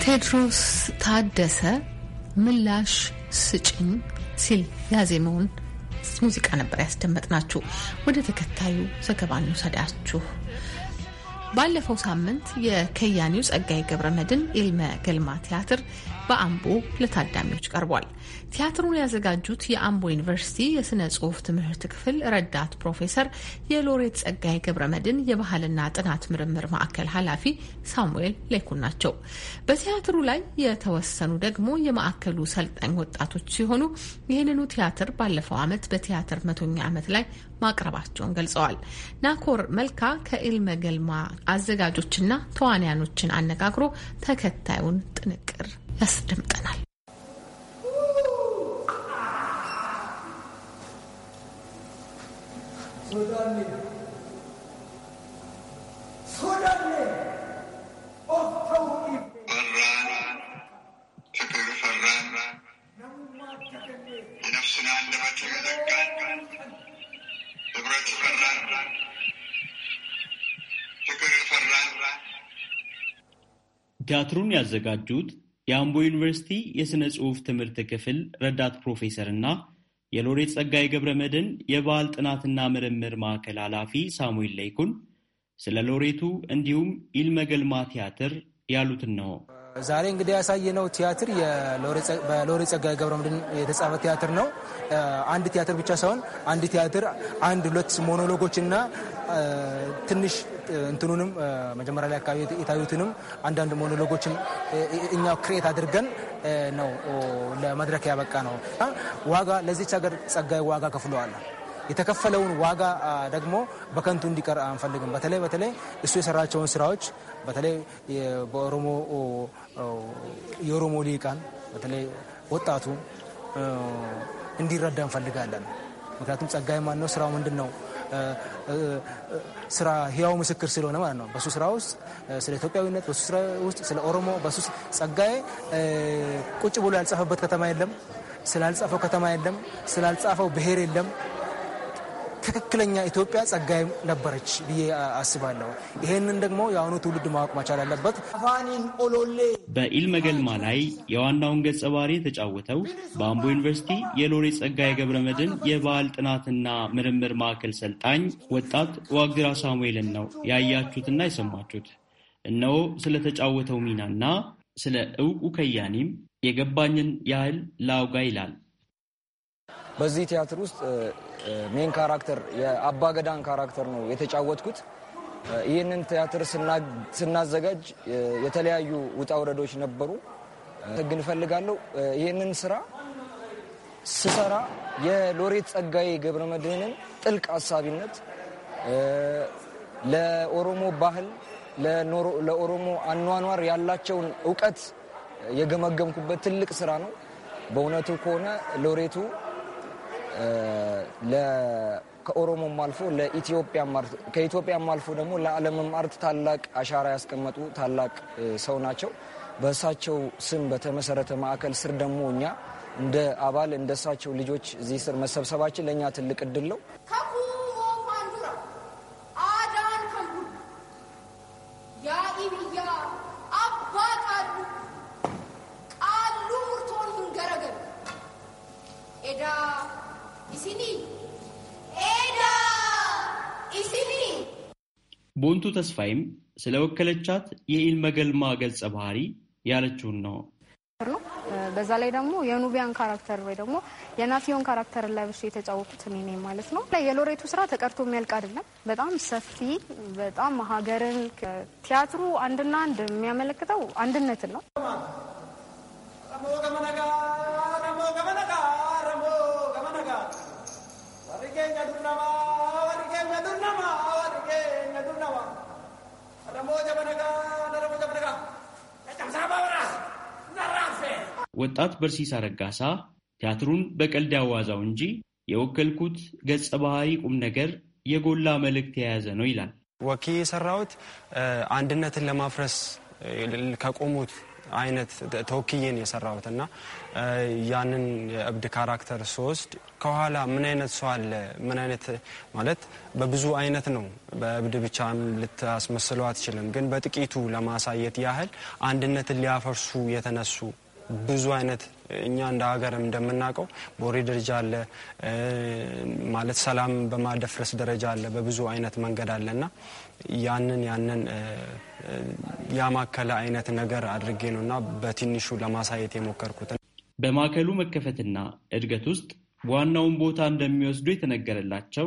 ቴድሮስ ታደሰ ምላሽ ስጭኝ ሲል ያዜመውን ሙዚቃ ነበር ያስደመጥናችሁ። ወደ ተከታዩ ዘገባ እንውሰዳችሁ። ባለፈው ሳምንት የከያኒው ጸጋዬ ገብረ መድን ኢልመ ገልማ ቲያትር በአምቦ ለታዳሚዎች ቀርቧል። ቲያትሩን ያዘጋጁት የአምቦ ዩኒቨርሲቲ የሥነ ጽሑፍ ትምህርት ክፍል ረዳት ፕሮፌሰር የሎሬት ጸጋዬ ገብረ መድን የባህልና ጥናት ምርምር ማዕከል ኃላፊ ሳሙኤል ሌኩን ናቸው። በቲያትሩ ላይ የተወሰኑ ደግሞ የማዕከሉ ሰልጣኝ ወጣቶች ሲሆኑ ይህንኑ ቲያትር ባለፈው ዓመት በቲያትር መቶኛ ዓመት ላይ ማቅረባቸውን ገልጸዋል። ናኮር መልካ ከኢልመ ገልማ አዘጋጆችና ተዋንያኖችን አነጋግሮ ተከታዩን ጥንቅር ያስደምጠናል። ፍቅር ፈራ ቲያትሩን ያዘጋጁት የአምቦ ዩኒቨርሲቲ የሥነ ጽሑፍ ትምህርት ክፍል ረዳት ፕሮፌሰር እና የሎሬት ጸጋዬ ገብረ መድን የባህል ጥናትና ምርምር ማዕከል ኃላፊ ሳሙኤል ለይኩን ስለ ሎሬቱ እንዲሁም ኢልመገልማ ቲያትር ያሉትን ነው። ዛሬ እንግዲህ ያሳየነው ቲያትር በሎሬት ጸጋዬ ገብረ መድን የተጻፈ ቲያትር ነው። አንድ ቲያትር ብቻ ሳይሆን አንድ ቲያትር አንድ ሁለት ሞኖሎጎች እና ትንሽ እንትኑንም መጀመሪያ ላይ አካባቢ የታዩትንም አንዳንድ ሞኖሎጎችን እኛው ክሬት አድርገን ነው ለመድረክ ያበቃ ነው። ዋጋ ለዚች ሀገር ጸጋይ ዋጋ ከፍለዋል። የተከፈለውን ዋጋ ደግሞ በከንቱ እንዲቀር አንፈልግም። በተለይ በተለይ እሱ የሰራቸውን ስራዎች በተለይ በኦሮሞ የኦሮሞ ሊቃን በተለይ ወጣቱ እንዲረዳ እንፈልጋለን። ምክንያቱም ጸጋይ ማን ነው? ስራው ምንድን ነው? ስራ ህያው ምስክር ስለሆነ ማለት ነው። በሱ ስራ ውስጥ ስለ ኢትዮጵያዊነት፣ በሱ ስራ ውስጥ ስለ ኦሮሞ፣ በሱ ጸጋዬ ቁጭ ብሎ ያልጻፈበት ከተማ የለም፣ ስላልጻፈው ከተማ የለም፣ ስላልጻፈው ብሔር የለም። ትክክለኛ ኢትዮጵያ ጸጋይ ነበረች ብዬ አስባለሁ። ይሄንን ደግሞ የአሁኑ ትውልድ ማወቅ መቻል አለበት። በኢልመገልማ ላይ የዋናውን ገጸ ባህሪ የተጫወተው በአምቦ ዩኒቨርሲቲ የሎሬ ጸጋይ ገብረ መድን የባህል ጥናትና ምርምር ማዕከል ሰልጣኝ ወጣት ዋግራ ሳሙኤልን ነው ያያችሁትና የሰማችሁት። እነሆ ስለተጫወተው ሚናና ስለ እውቁ ከያኔም የገባኝን ያህል ላውጋ ይላል። በዚህ ቲያትር ውስጥ ሜን ካራክተር የአባገዳን ካራክተር ነው የተጫወትኩት። ይህንን ቲያትር ስናዘጋጅ የተለያዩ ውጣ ውረዶች ነበሩ። ህግ እንፈልጋለሁ ይህንን ስራ ስሰራ የሎሬት ጸጋዬ ገብረመድህንን ጥልቅ አሳቢነት ለኦሮሞ ባህል ለኦሮሞ አኗኗር ያላቸውን እውቀት የገመገምኩበት ትልቅ ስራ ነው። በእውነቱ ከሆነ ሎሬቱ ከኦሮሞም አልፎ ከኢትዮጵያም አልፎ ደግሞ ለዓለምም አርት ታላቅ አሻራ ያስቀመጡ ታላቅ ሰው ናቸው። በእሳቸው ስም በተመሰረተ ማዕከል ስር ደግሞ እኛ እንደ አባል እንደ እሳቸው ልጆች እዚህ ስር መሰብሰባችን ለእኛ ትልቅ እድል ነው። ቦንቱ ተስፋይም ስለወከለቻት የኢልመገልማ ገጸ ባህሪ ያለችውን ነው። በዛ ላይ ደግሞ የኑቢያን ካራክተር ወይ ደግሞ የናፊዮን ካራክተር ለብሼ የተጫወቁት እኔ ነኝ ማለት ነው። የሎሬቱ ስራ ተቀርቶ የሚያልቅ አይደለም። በጣም ሰፊ፣ በጣም ሀገርን ቲያትሩ አንድና አንድ የሚያመለክተው አንድነትን ነው። ወጣት በርሲሳ ረጋሳ ቲያትሩን በቀልድ ያዋዛው እንጂ የወከልኩት ገጸ ባህሪ ቁም ነገር የጎላ መልእክት የያዘ ነው ይላል። ወኪ የሰራሁት አንድነትን ለማፍረስ ከቆሙት አይነት ተወክዬን የሰራሁት እና ያንን የእብድ ካራክተር ስወስድ ከኋላ ምን አይነት ሰው አለ ምን አይነት ማለት በብዙ አይነት ነው። በእብድ ብቻም ልታስመስለው አትችልም። ግን በጥቂቱ ለማሳየት ያህል አንድነትን ሊያፈርሱ የተነሱ ብዙ አይነት እኛ እንደ ሀገር እንደምናውቀው በወሬ ደረጃ አለ ማለት ሰላም በማደፍረስ ደረጃ አለ፣ በብዙ አይነት መንገድ አለ እና ያንን ያንን ያማከለ አይነት ነገር አድርጌ ነው እና በትንሹ ለማሳየት የሞከርኩት በማዕከሉ መከፈትና እድገት ውስጥ ዋናውን ቦታ እንደሚወስዱ የተነገረላቸው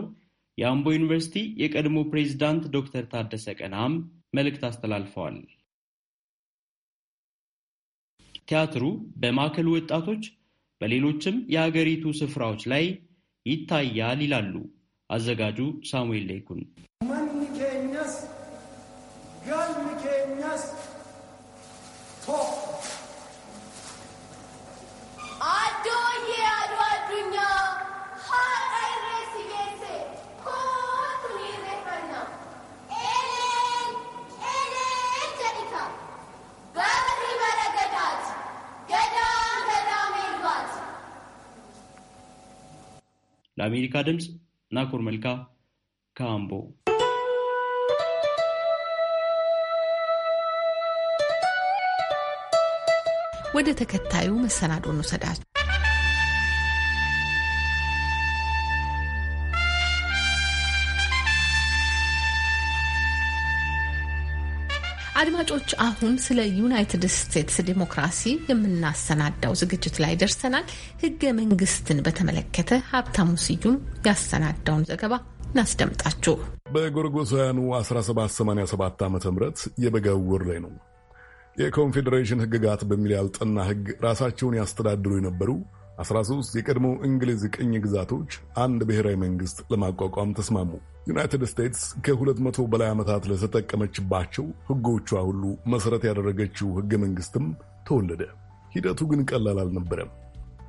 የአምቦ ዩኒቨርሲቲ የቀድሞ ፕሬዚዳንት ዶክተር ታደሰ ቀናም መልእክት አስተላልፈዋል። ቲያትሩ በማዕከሉ ወጣቶች በሌሎችም የአገሪቱ ስፍራዎች ላይ ይታያል ይላሉ አዘጋጁ ሳሙኤል ሌኩን። ለአሜሪካ ድምፅ ናኮር መልካ ካምቦ። ወደ ተከታዩ መሰናዶ እንውሰዳችሁ። አድማጮች አሁን ስለ ዩናይትድ ስቴትስ ዴሞክራሲ የምናሰናዳው ዝግጅት ላይ ደርሰናል። ህገ መንግስትን በተመለከተ ሀብታሙ ስዩም ያሰናዳውን ዘገባ እናስደምጣችሁ። በጎርጎሳውያኑ 1787 ዓ ም የበጋው ወር ላይ ነው የኮንፌዴሬሽን ህግጋት በሚል ያልጠና ህግ ራሳቸውን ያስተዳድሩ የነበሩ 13 የቀድሞ እንግሊዝ ቅኝ ግዛቶች አንድ ብሔራዊ መንግስት ለማቋቋም ተስማሙ። ዩናይትድ ስቴትስ ከሁለት መቶ በላይ ዓመታት ለተጠቀመችባቸው ሕጎቿ ሁሉ መሠረት ያደረገችው ሕገ መንግሥትም ተወለደ። ሂደቱ ግን ቀላል አልነበረም።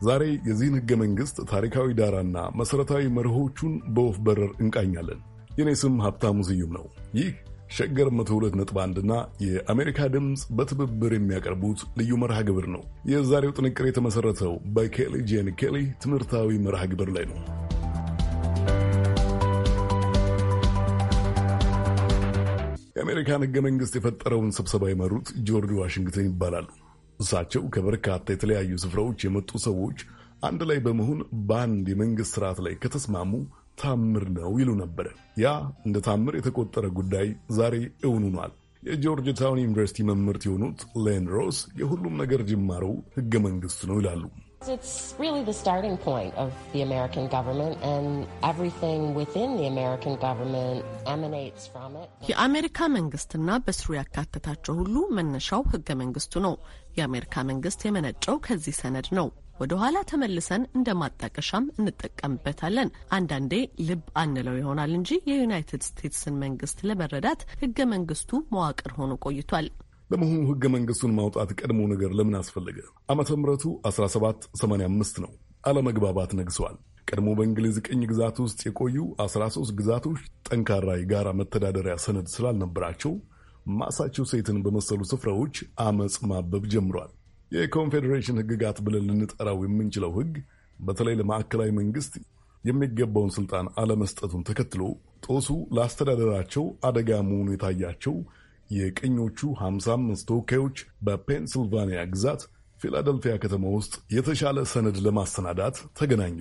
ዛሬ የዚህን ሕገ መንግሥት ታሪካዊ ዳራና መሠረታዊ መርሆቹን በወፍ በረር እንቃኛለን። የእኔ ስም ሀብታሙ ስዩም ነው። ይህ ሸገር 102.1ና የአሜሪካ ድምፅ በትብብር የሚያቀርቡት ልዩ መርሃ ግብር ነው። የዛሬው ጥንቅር የተመሠረተው በኬሊ ጄን ኬሊ ትምህርታዊ መርሃ ግብር ላይ ነው። የአሜሪካን ህገ መንግስት የፈጠረውን ስብሰባ የመሩት ጆርጅ ዋሽንግተን ይባላሉ። እሳቸው ከበርካታ የተለያዩ ስፍራዎች የመጡ ሰዎች አንድ ላይ በመሆን በአንድ የመንግስት ስርዓት ላይ ከተስማሙ ታምር ነው ይሉ ነበረ። ያ እንደ ታምር የተቆጠረ ጉዳይ ዛሬ እውን ሆኗል። የጆርጅ ታውን ዩኒቨርሲቲ መምህርት የሆኑት ሌን ሮስ የሁሉም ነገር ጅማሮው ህገ መንግስት ነው ይላሉ። It's really the starting point of the American government and everything within the American government emanates from it. የአሜሪካ መንግስትና በስሩ ያካተታቸው ሁሉ መነሻው ህገ መንግስቱ ነው። የአሜሪካ መንግስት የመነጨው ከዚህ ሰነድ ነው። ወደ ኋላ ተመልሰን እንደ ማጣቀሻም እንጠቀምበታለን። አንዳንዴ ልብ አንለው ይሆናል እንጂ የዩናይትድ ስቴትስን መንግስት ለመረዳት ህገ መንግስቱ መዋቅር ሆኖ ቆይቷል። ለመሆኑ ህገ መንግስቱን ማውጣት ቀድሞ ነገር ለምን አስፈለገ? ዓመተ ምሕረቱ 1785 ነው። አለመግባባት ነግሷል። ቀድሞ በእንግሊዝ ቅኝ ግዛት ውስጥ የቆዩ 13 ግዛቶች ጠንካራ የጋራ መተዳደሪያ ሰነድ ስላልነበራቸው ሴትን በመሰሉ ስፍራዎች አመፅ ማበብ ጀምሯል። የኮንፌዴሬሽን ህግጋት ብለን ልንጠራው የምንችለው ህግ በተለይ ለማዕከላዊ መንግስት የሚገባውን ስልጣን አለመስጠቱን ተከትሎ ጦሱ ለአስተዳደራቸው አደጋ መሆኑ የታያቸው የቀኞቹ 55 ተወካዮች በፔንስልቫኒያ ግዛት ፊላደልፊያ ከተማ ውስጥ የተሻለ ሰነድ ለማሰናዳት ተገናኙ።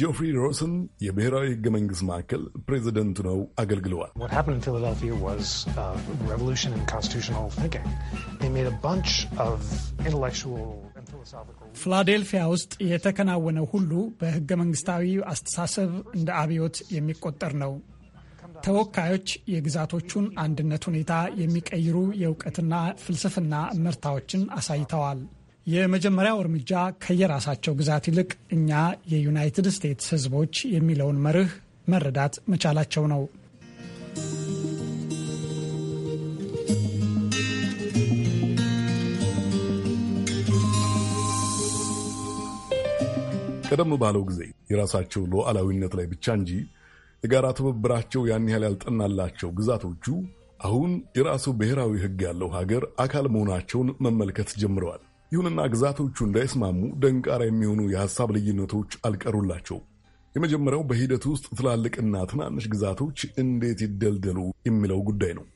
ጆፍሪ ሮስን የብሔራዊ ህገ መንግሥት ማዕከል ፕሬዚደንት ነው አገልግለዋል። uh, ፊላዴልፊያ ውስጥ የተከናወነው ሁሉ በህገ መንግስታዊ አስተሳሰብ እንደ አብዮት የሚቆጠር ነው። ተወካዮች የግዛቶቹን አንድነት ሁኔታ የሚቀይሩ የእውቀትና ፍልስፍና ምርታዎችን አሳይተዋል። የመጀመሪያው እርምጃ ከየራሳቸው ግዛት ይልቅ እኛ የዩናይትድ ስቴትስ ሕዝቦች የሚለውን መርህ መረዳት መቻላቸው ነው። ቀደም ባለው ጊዜ የራሳቸው ሉዓላዊነት ላይ ብቻ እንጂ የጋራ ትብብራቸው ያን ያህል ያልጠናላቸው ግዛቶቹ አሁን የራሱ ብሔራዊ ሕግ ያለው ሀገር አካል መሆናቸውን መመልከት ጀምረዋል። ይሁንና ግዛቶቹ እንዳይስማሙ ደንቃራ የሚሆኑ የሐሳብ ልዩነቶች አልቀሩላቸው። የመጀመሪያው በሂደት ውስጥ ትላልቅና ትናንሽ ግዛቶች እንዴት ይደልደሉ የሚለው ጉዳይ ነው።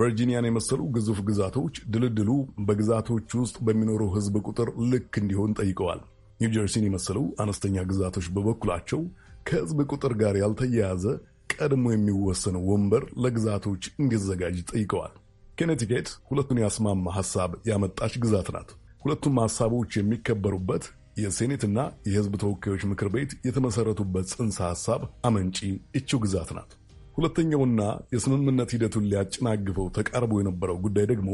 ቨርጂኒያን የመሰሉ ግዙፍ ግዛቶች ድልድሉ በግዛቶች ውስጥ በሚኖረው ሕዝብ ቁጥር ልክ እንዲሆን ጠይቀዋል። ኒውጀርሲን የመሰሉ አነስተኛ ግዛቶች በበኩላቸው ከህዝብ ቁጥር ጋር ያልተያያዘ ቀድሞ የሚወሰን ወንበር ለግዛቶች እንዲዘጋጅ ጠይቀዋል። ኬኔቲኬት ሁለቱን ያስማማ ሐሳብ ያመጣች ግዛት ናት። ሁለቱም ሐሳቦች የሚከበሩበት የሴኔትና የሕዝብ ተወካዮች ምክር ቤት የተመሠረቱበት ጽንሰ ሐሳብ አመንጪ ይችው ግዛት ናት። ሁለተኛውና የስምምነት ሂደቱን ሊያጨናግፈው ተቃርቦ የነበረው ጉዳይ ደግሞ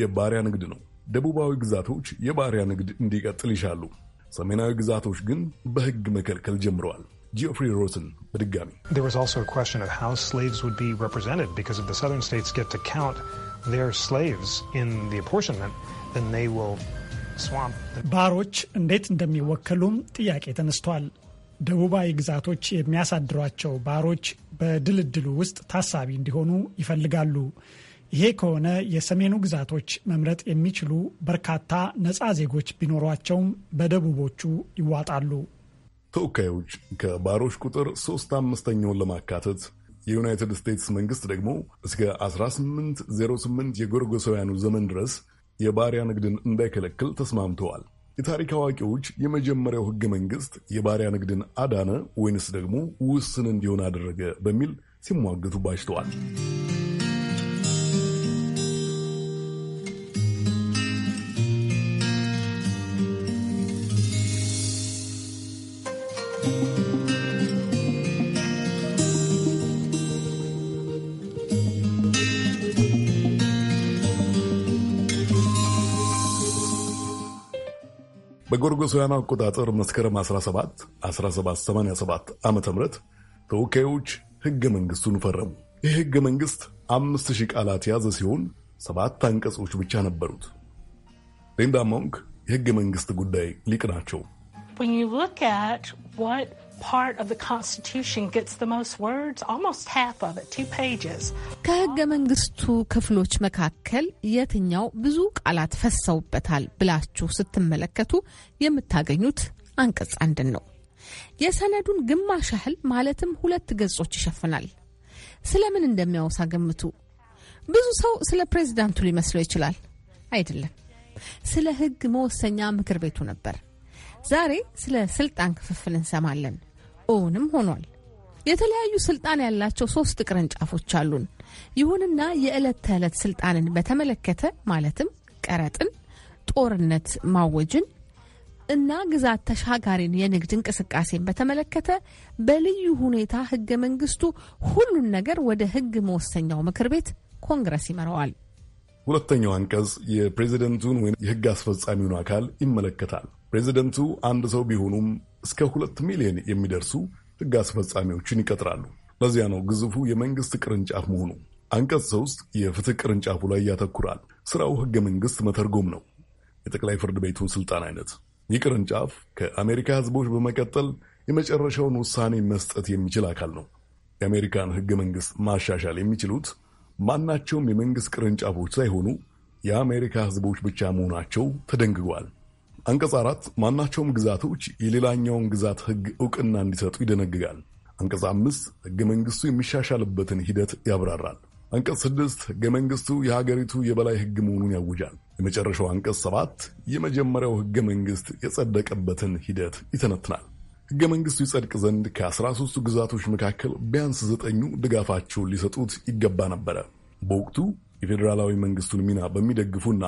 የባሪያ ንግድ ነው። ደቡባዊ ግዛቶች የባሪያ ንግድ እንዲቀጥል ይሻሉ። ሰሜናዊ ግዛቶች ግን በሕግ መከልከል ጀምረዋል። There was also a question of how slaves would be represented because if the southern states get to count their slaves in the apportionment, then they will swamp. Baruch ባሮች እንዴት እንደሚወከሉም ጥያቄ ተነስቷል። ደቡባዊ ግዛቶች የሚያሳድሯቸው ባሮች በድልድሉ ውስጥ ታሳቢ እንዲሆኑ ይፈልጋሉ። ይሄ ከሆነ የሰሜኑ ግዛቶች መምረጥ የሚችሉ በርካታ ነፃ ዜጎች ቢኖሯቸውም በደቡቦቹ ይዋጣሉ። ተወካዮች ከባሮች ቁጥር ሦስት አምስተኛውን ለማካተት የዩናይትድ ስቴትስ መንግሥት ደግሞ እስከ 1808 የጎርጎሳውያኑ ዘመን ድረስ የባሪያ ንግድን እንዳይከለክል ተስማምተዋል። የታሪክ አዋቂዎች የመጀመሪያው ሕገ መንግሥት የባሪያ ንግድን አዳነ ወይንስ ደግሞ ውስን እንዲሆን አደረገ በሚል ሲሟገቱ ባጅተዋል። በጎርጎሳውያኑ አቆጣጠር መስከረም 17 1787 ዓ ም ተወካዮች ህገ መንግሥቱን ፈረሙ። ይህ ህገ መንግሥት አምስት ሺህ ቃላት የያዘ ሲሆን ሰባት አንቀጾች ብቻ ነበሩት። ሊንዳ ሞንክ የሕገ መንግሥት ጉዳይ ሊቅ ናቸው። ከሕገ መንግስቱ ክፍሎች መካከል የትኛው ብዙ ቃላት ፈሰውበታል ብላችሁ ስትመለከቱ የምታገኙት አንቀጽ አንድን ነው። የሰነዱን ግማሽ ያህል ማለትም ሁለት ገጾች ይሸፍናል። ስለምን እንደሚያወሳ ገምቱ። ብዙ ሰው ስለ ፕሬዚዳንቱ ሊመስለው ይችላል። አይደለም፣ ስለ ህግ መወሰኛ ምክር ቤቱ ነበር። ዛሬ ስለ ስልጣን ክፍፍል እንሰማለን። እውንም ሆኗል። የተለያዩ ስልጣን ያላቸው ሶስት ቅርንጫፎች አሉን። ይሁንና የዕለት ተዕለት ስልጣንን በተመለከተ ማለትም ቀረጥን፣ ጦርነት ማወጅን እና ግዛት ተሻጋሪን የንግድ እንቅስቃሴን በተመለከተ በልዩ ሁኔታ ህገ መንግስቱ ሁሉን ነገር ወደ ህግ መወሰኛው ምክር ቤት ኮንግረስ ይመራዋል። ሁለተኛው አንቀጽ የፕሬዚደንቱን ወይም የህግ አስፈጻሚውን አካል ይመለከታል። ፕሬዚደንቱ አንድ ሰው ቢሆኑም እስከ ሁለት ሚሊዮን የሚደርሱ ሕግ አስፈጻሚዎችን ይቀጥራሉ። ለዚያ ነው ግዙፉ የመንግስት ቅርንጫፍ መሆኑ። አንቀጽ ሶስት የፍትህ ቅርንጫፉ ላይ ያተኩራል። ስራው ሕገ መንግስት መተርጎም ነው፣ የጠቅላይ ፍርድ ቤቱን ስልጣን አይነት። ይህ ቅርንጫፍ ከአሜሪካ ህዝቦች በመቀጠል የመጨረሻውን ውሳኔ መስጠት የሚችል አካል ነው። የአሜሪካን ሕገ መንግስት ማሻሻል የሚችሉት ማናቸውም የመንግስት ቅርንጫፎች ሳይሆኑ የአሜሪካ ህዝቦች ብቻ መሆናቸው ተደንግጓል። አንቀጽ አራት ማናቸውም ግዛቶች የሌላኛውን ግዛት ሕግ እውቅና እንዲሰጡ ይደነግጋል። አንቀጽ አምስት ሕገ መንግስቱ የሚሻሻልበትን ሂደት ያብራራል። አንቀጽ ስድስት ህገ መንግስቱ የሀገሪቱ የበላይ ህግ መሆኑን ያውጃል። የመጨረሻው አንቀጽ ሰባት የመጀመሪያው ሕገ መንግስት የጸደቀበትን ሂደት ይተነትናል። ህገ መንግስቱ ይጸድቅ ዘንድ ከአስራ ሦስቱ ግዛቶች መካከል ቢያንስ ዘጠኙ ድጋፋቸውን ሊሰጡት ይገባ ነበረ። በወቅቱ የፌዴራላዊ መንግስቱን ሚና በሚደግፉና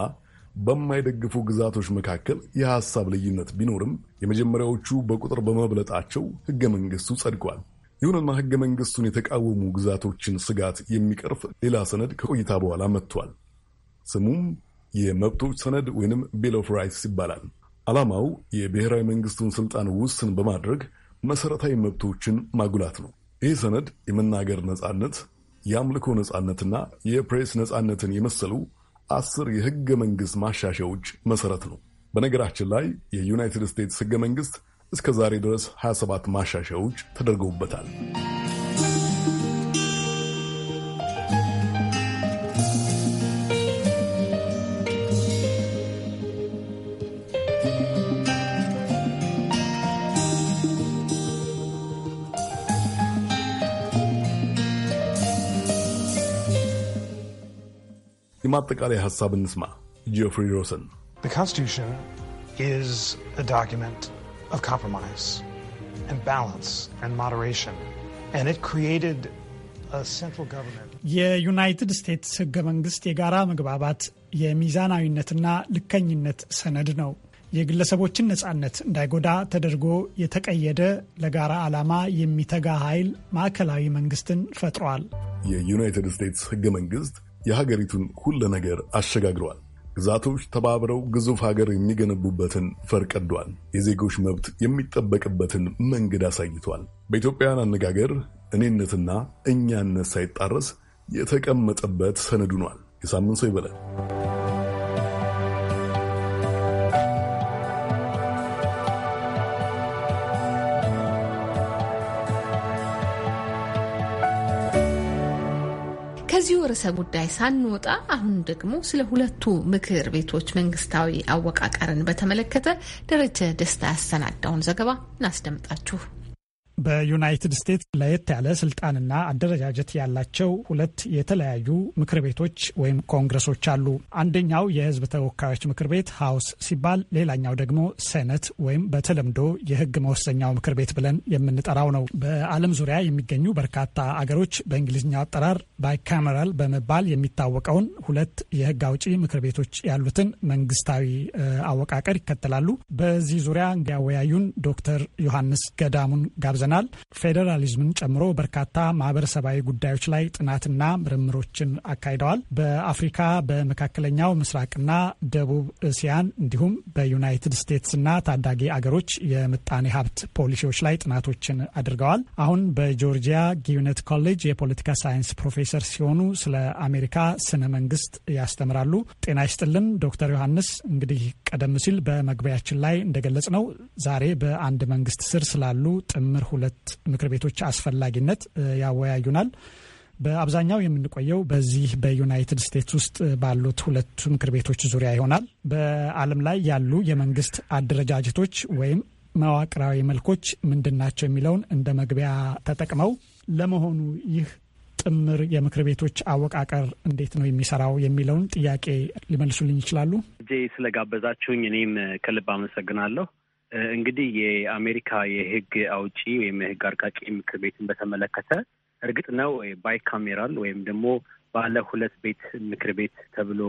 በማይደግፉ ግዛቶች መካከል የሐሳብ ልዩነት ቢኖርም የመጀመሪያዎቹ በቁጥር በመብለጣቸው ሕገ መንግሥቱ ጸድቋል። ይሁንና ሕገ መንግሥቱን የተቃወሙ ግዛቶችን ስጋት የሚቀርፍ ሌላ ሰነድ ከቆይታ በኋላ መጥቷል። ስሙም የመብቶች ሰነድ ወይንም ቢል ኦፍ ራይትስ ይባላል። ዓላማው የብሔራዊ መንግሥቱን ሥልጣን ውስን በማድረግ መሠረታዊ መብቶችን ማጉላት ነው። ይህ ሰነድ የመናገር ነጻነት፣ የአምልኮ ነጻነትና የፕሬስ ነጻነትን የመሰሉ አስር የህገ መንግስት ማሻሻዎች መሰረት ነው። በነገራችን ላይ የዩናይትድ ስቴትስ ህገ መንግስት እስከ ዛሬ ድረስ 27 ማሻሻዎች ተደርገውበታል። የማጠቃለያ ሀሳብ እንስማ። ጂኦፍሪ ሮሰን የዩናይትድ ስቴትስ ህገ መንግስት የጋራ መግባባት የሚዛናዊነትና ልከኝነት ሰነድ ነው። የግለሰቦችን ነጻነት እንዳይጎዳ ተደርጎ የተቀየደ ለጋራ ዓላማ የሚተጋ ኃይል ማዕከላዊ መንግስትን ፈጥሯል። የዩናይትድ ስቴትስ ህገ መንግስት የሀገሪቱን ሁለ ነገር አሸጋግሯል። ግዛቶች ተባብረው ግዙፍ ሀገር የሚገነቡበትን ፈርቀዷል። የዜጎች መብት የሚጠበቅበትን መንገድ አሳይቷል። በኢትዮጵያውያን አነጋገር እኔነትና እኛነት ሳይጣረስ የተቀመጠበት ሰነድ ሆኗል። የሳምንት ሰው ይበላል። ርዕሰ ጉዳይ ሳንወጣ አሁን ደግሞ ስለ ሁለቱ ምክር ቤቶች መንግስታዊ አወቃቀርን በተመለከተ ደረጀ ደስታ ያሰናዳውን ዘገባ እናስደምጣችሁ። በዩናይትድ ስቴትስ ለየት ያለ ስልጣንና አደረጃጀት ያላቸው ሁለት የተለያዩ ምክር ቤቶች ወይም ኮንግረሶች አሉ። አንደኛው የህዝብ ተወካዮች ምክር ቤት ሀውስ ሲባል፣ ሌላኛው ደግሞ ሴነት ወይም በተለምዶ የህግ መወሰኛው ምክር ቤት ብለን የምንጠራው ነው። በዓለም ዙሪያ የሚገኙ በርካታ አገሮች በእንግሊዝኛው አጠራር ባይካሜራል በመባል የሚታወቀውን ሁለት የህግ አውጪ ምክር ቤቶች ያሉትን መንግስታዊ አወቃቀር ይከተላሉ። በዚህ ዙሪያ እንዲያወያዩን ዶክተር ዮሐንስ ገዳሙን ጋብዛ ይዘናል። ፌዴራሊዝምን ጨምሮ በርካታ ማህበረሰባዊ ጉዳዮች ላይ ጥናትና ምርምሮችን አካሂደዋል። በአፍሪካ በመካከለኛው ምስራቅና ደቡብ እስያን እንዲሁም በዩናይትድ ስቴትስና ታዳጊ አገሮች የምጣኔ ሀብት ፖሊሲዎች ላይ ጥናቶችን አድርገዋል። አሁን በጆርጂያ ጊዩነት ኮሌጅ የፖለቲካ ሳይንስ ፕሮፌሰር ሲሆኑ ስለ አሜሪካ ስነ መንግስት ያስተምራሉ። ጤና ይስጥልን ዶክተር ዮሐንስ እንግዲህ ቀደም ሲል በመግቢያችን ላይ እንደገለጽ ነው ዛሬ በአንድ መንግስት ስር ስላሉ ጥምር ሁለት ምክር ቤቶች አስፈላጊነት ያወያዩናል። በአብዛኛው የምንቆየው በዚህ በዩናይትድ ስቴትስ ውስጥ ባሉት ሁለቱ ምክር ቤቶች ዙሪያ ይሆናል። በዓለም ላይ ያሉ የመንግስት አደረጃጀቶች ወይም መዋቅራዊ መልኮች ምንድን ናቸው የሚለውን እንደ መግቢያ ተጠቅመው ለመሆኑ ይህ ጥምር የምክር ቤቶች አወቃቀር እንዴት ነው የሚሰራው የሚለውን ጥያቄ ሊመልሱልኝ ይችላሉ? እጄ ስለጋበዛችሁኝ እኔም ከልብ አመሰግናለሁ። እንግዲህ የአሜሪካ የህግ አውጪ ወይም የህግ አርቃቂ ምክር ቤትን በተመለከተ እርግጥ ነው ባይ ካሜራል ወይም ደግሞ ባለ ሁለት ቤት ምክር ቤት ተብሎ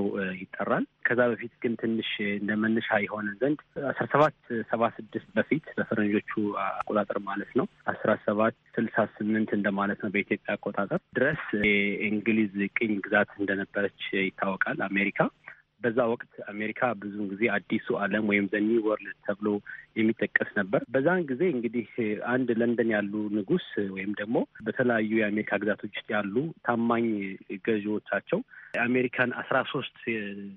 ይጠራል። ከዛ በፊት ግን ትንሽ እንደ መነሻ የሆነ ዘንድ አስራ ሰባት ሰባ ስድስት በፊት በፈረንጆቹ አቆጣጠር ማለት ነው አስራ ሰባት ስልሳ ስምንት እንደማለት ነው በኢትዮጵያ አቆጣጠር ድረስ የእንግሊዝ ቅኝ ግዛት እንደነበረች ይታወቃል አሜሪካ። በዛ ወቅት አሜሪካ ብዙውን ጊዜ አዲሱ ዓለም ወይም ዘኒ ወርልድ ተብሎ የሚጠቀስ ነበር። በዛን ጊዜ እንግዲህ አንድ ለንደን ያሉ ንጉስ ወይም ደግሞ በተለያዩ የአሜሪካ ግዛቶች ውስጥ ያሉ ታማኝ ገዢዎቻቸው የአሜሪካን አስራ ሶስት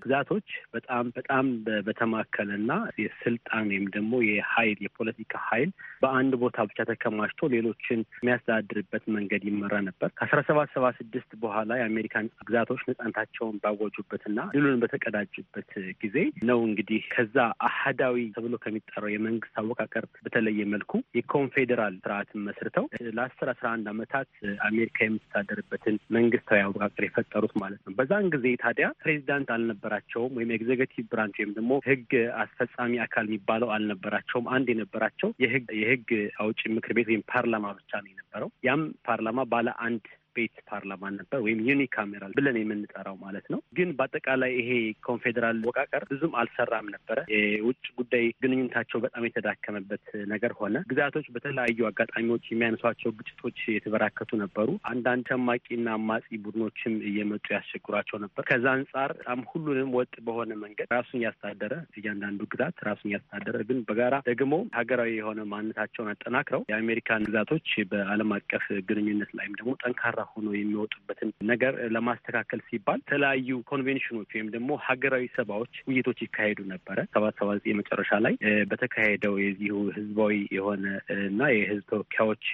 ግዛቶች በጣም በጣም በተማከለና የስልጣን ወይም ደግሞ የሀይል የፖለቲካ ሀይል በአንድ ቦታ ብቻ ተከማችቶ ሌሎችን የሚያስተዳድርበት መንገድ ይመራ ነበር። ከአስራ ሰባት ሰባ ስድስት በኋላ የአሜሪካን ግዛቶች ነጻነታቸውን ባወጁበትና ድሉን በተቀዳጁበት ጊዜ ነው እንግዲህ ከዛ አህዳዊ ተብሎ ከሚጠራው መንግስት አወቃቀር በተለየ መልኩ የኮንፌዴራል ስርዓትን መስርተው ለአስር አስራ አንድ ዓመታት አሜሪካ የምትታደርበትን መንግስታዊ አወቃቀር የፈጠሩት ማለት ነው። በዛን ጊዜ ታዲያ ፕሬዚዳንት አልነበራቸውም፣ ወይም ኤግዜክቲቭ ብራንች ወይም ደግሞ ህግ አስፈጻሚ አካል የሚባለው አልነበራቸውም። አንድ የነበራቸው የህግ የህግ አውጪ ምክር ቤት ወይም ፓርላማ ብቻ ነው የነበረው። ያም ፓርላማ ባለ አንድ ስቴት ፓርላማ ነበር ወይም ዩኒካሜራል ብለን የምንጠራው ማለት ነው። ግን በአጠቃላይ ይሄ ኮንፌዴራል ወቃቀር ብዙም አልሰራም ነበረ። የውጭ ጉዳይ ግንኙነታቸው በጣም የተዳከመበት ነገር ሆነ። ግዛቶች በተለያዩ አጋጣሚዎች የሚያነሷቸው ግጭቶች የተበራከቱ ነበሩ። አንዳንድ ሸማቂና አማጺ ቡድኖችም እየመጡ ያስቸግሯቸው ነበር። ከዛ አንጻር በጣም ሁሉንም ወጥ በሆነ መንገድ ራሱን እያስተዳደረ እያንዳንዱ ግዛት ራሱን እያስተዳደረ ግን በጋራ ደግሞ ሀገራዊ የሆነ ማንነታቸውን አጠናክረው የአሜሪካን ግዛቶች በዓለም አቀፍ ግንኙነት ላይም ደግሞ ጠንካራ ሆኖ የሚወጡበትን ነገር ለማስተካከል ሲባል የተለያዩ ኮንቬንሽኖች ወይም ደግሞ ሀገራዊ ሰባዎች ውይይቶች ይካሄዱ ነበረ። ሰባት ሰባ ዘጠኝ መጨረሻ ላይ በተካሄደው የዚሁ ህዝባዊ የሆነ እና የህዝብ ተወካዮች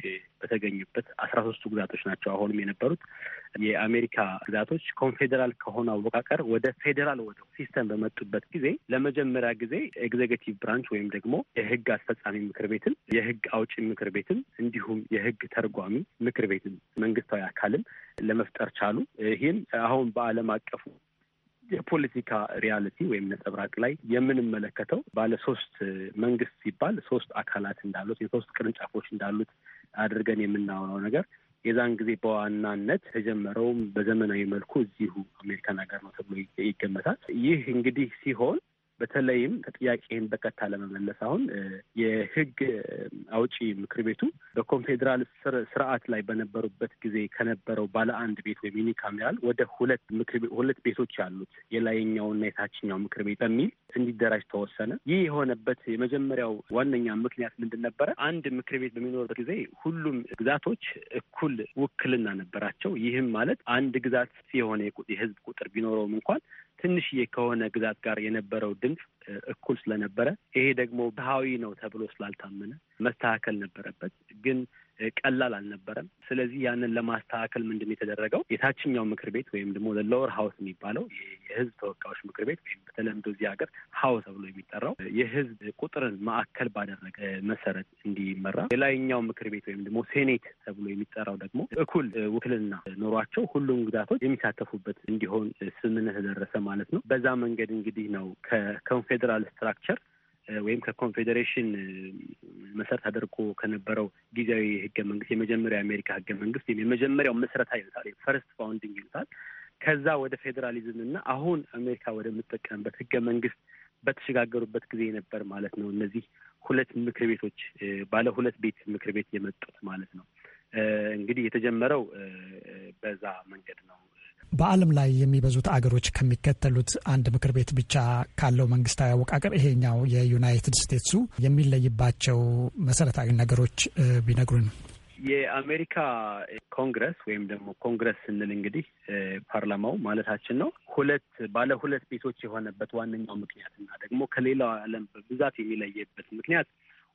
በተገኙበት አስራ ሶስቱ ግዛቶች ናቸው አሁንም የነበሩት። የአሜሪካ ግዛቶች ኮንፌዴራል ከሆነ አወቃቀር ወደ ፌዴራል ወደ ሲስተም በመጡበት ጊዜ ለመጀመሪያ ጊዜ ኤግዜኪቲቭ ብራንች ወይም ደግሞ የህግ አስፈጻሚ ምክር ቤትን፣ የህግ አውጪ ምክር ቤትን እንዲሁም የህግ ተርጓሚ ምክር ቤትን መንግስታዊ አካልን ለመፍጠር ቻሉ። ይህም አሁን በአለም አቀፉ የፖለቲካ ሪያልቲ ወይም ነጸብራቅ ላይ የምንመለከተው ባለ ሶስት መንግስት ሲባል ሶስት አካላት እንዳሉት የሶስት ቅርንጫፎች እንዳሉት አድርገን የምናወራው ነገር የዛን ጊዜ በዋናነት ተጀመረውም በዘመናዊ መልኩ እዚሁ አሜሪካን ሀገር ነው ተብሎ ይገመታል። ይህ እንግዲህ ሲሆን በተለይም ተጥያቄን በቀጥታ ለመመለስ አሁን የህግ አውጪ ምክር ቤቱ በኮንፌዴራል ስርዓት ላይ በነበሩበት ጊዜ ከነበረው ባለ አንድ ቤት ወይም ዩኒካሜራል ወደ ሁለት ሁለት ቤቶች ያሉት የላይኛውና የታችኛው ምክር ቤት በሚል እንዲደራጅ ተወሰነ። ይህ የሆነበት የመጀመሪያው ዋነኛ ምክንያት ምንድን ነበረ? አንድ ምክር ቤት በሚኖርበት ጊዜ ሁሉም ግዛቶች እኩል ውክልና ነበራቸው። ይህም ማለት አንድ ግዛት የሆነ የህዝብ ቁጥር ቢኖረውም እንኳን ትንሽዬ ከሆነ ግዛት ጋር የነበረው ድምፅ እኩል ስለነበረ ይሄ ደግሞ ድሃዊ ነው ተብሎ ስላልታመነ መስተካከል ነበረበት ግን ቀላል አልነበረም። ስለዚህ ያንን ለማስተካከል ምንድን ነው የተደረገው? የታችኛው ምክር ቤት ወይም ደግሞ ሎወር ሀውስ የሚባለው የህዝብ ተወካዮች ምክር ቤት ወይም በተለምዶ እዚህ ሀገር ሀው ተብሎ የሚጠራው የህዝብ ቁጥርን ማዕከል ባደረገ መሰረት እንዲመራ፣ የላይኛው ምክር ቤት ወይም ደግሞ ሴኔት ተብሎ የሚጠራው ደግሞ እኩል ውክልና ኖሯቸው ሁሉም ግዛቶች የሚሳተፉበት እንዲሆን ስምምነት ተደረሰ ማለት ነው። በዛ መንገድ እንግዲህ ነው ከኮንፌዴራል ስትራክቸር ወይም ከኮንፌዴሬሽን መሰረት አድርጎ ከነበረው ጊዜያዊ ህገ መንግስት የመጀመሪያው የአሜሪካ ህገ መንግስት የመጀመሪያው መሰረታ ይሉታል፣ ፈርስት ፋውንዲንግ ይሉታል። ከዛ ወደ ፌዴራሊዝም እና አሁን አሜሪካ ወደምትጠቀምበት ህገ መንግስት በተሸጋገሩበት ጊዜ ነበር ማለት ነው። እነዚህ ሁለት ምክር ቤቶች ባለ ሁለት ቤት ምክር ቤት የመጡት ማለት ነው። እንግዲህ የተጀመረው በዛ መንገድ ነው። በዓለም ላይ የሚበዙት አገሮች ከሚከተሉት አንድ ምክር ቤት ብቻ ካለው መንግስታዊ አወቃቀር ይሄኛው የዩናይትድ ስቴትሱ የሚለይባቸው መሰረታዊ ነገሮች ቢነግሩን። የአሜሪካ ኮንግረስ ወይም ደግሞ ኮንግረስ ስንል እንግዲህ ፓርላማው ማለታችን ነው። ሁለት ባለ ሁለት ቤቶች የሆነበት ዋነኛው ምክንያት እና ደግሞ ከሌላው ዓለም በብዛት የሚለየበት ምክንያት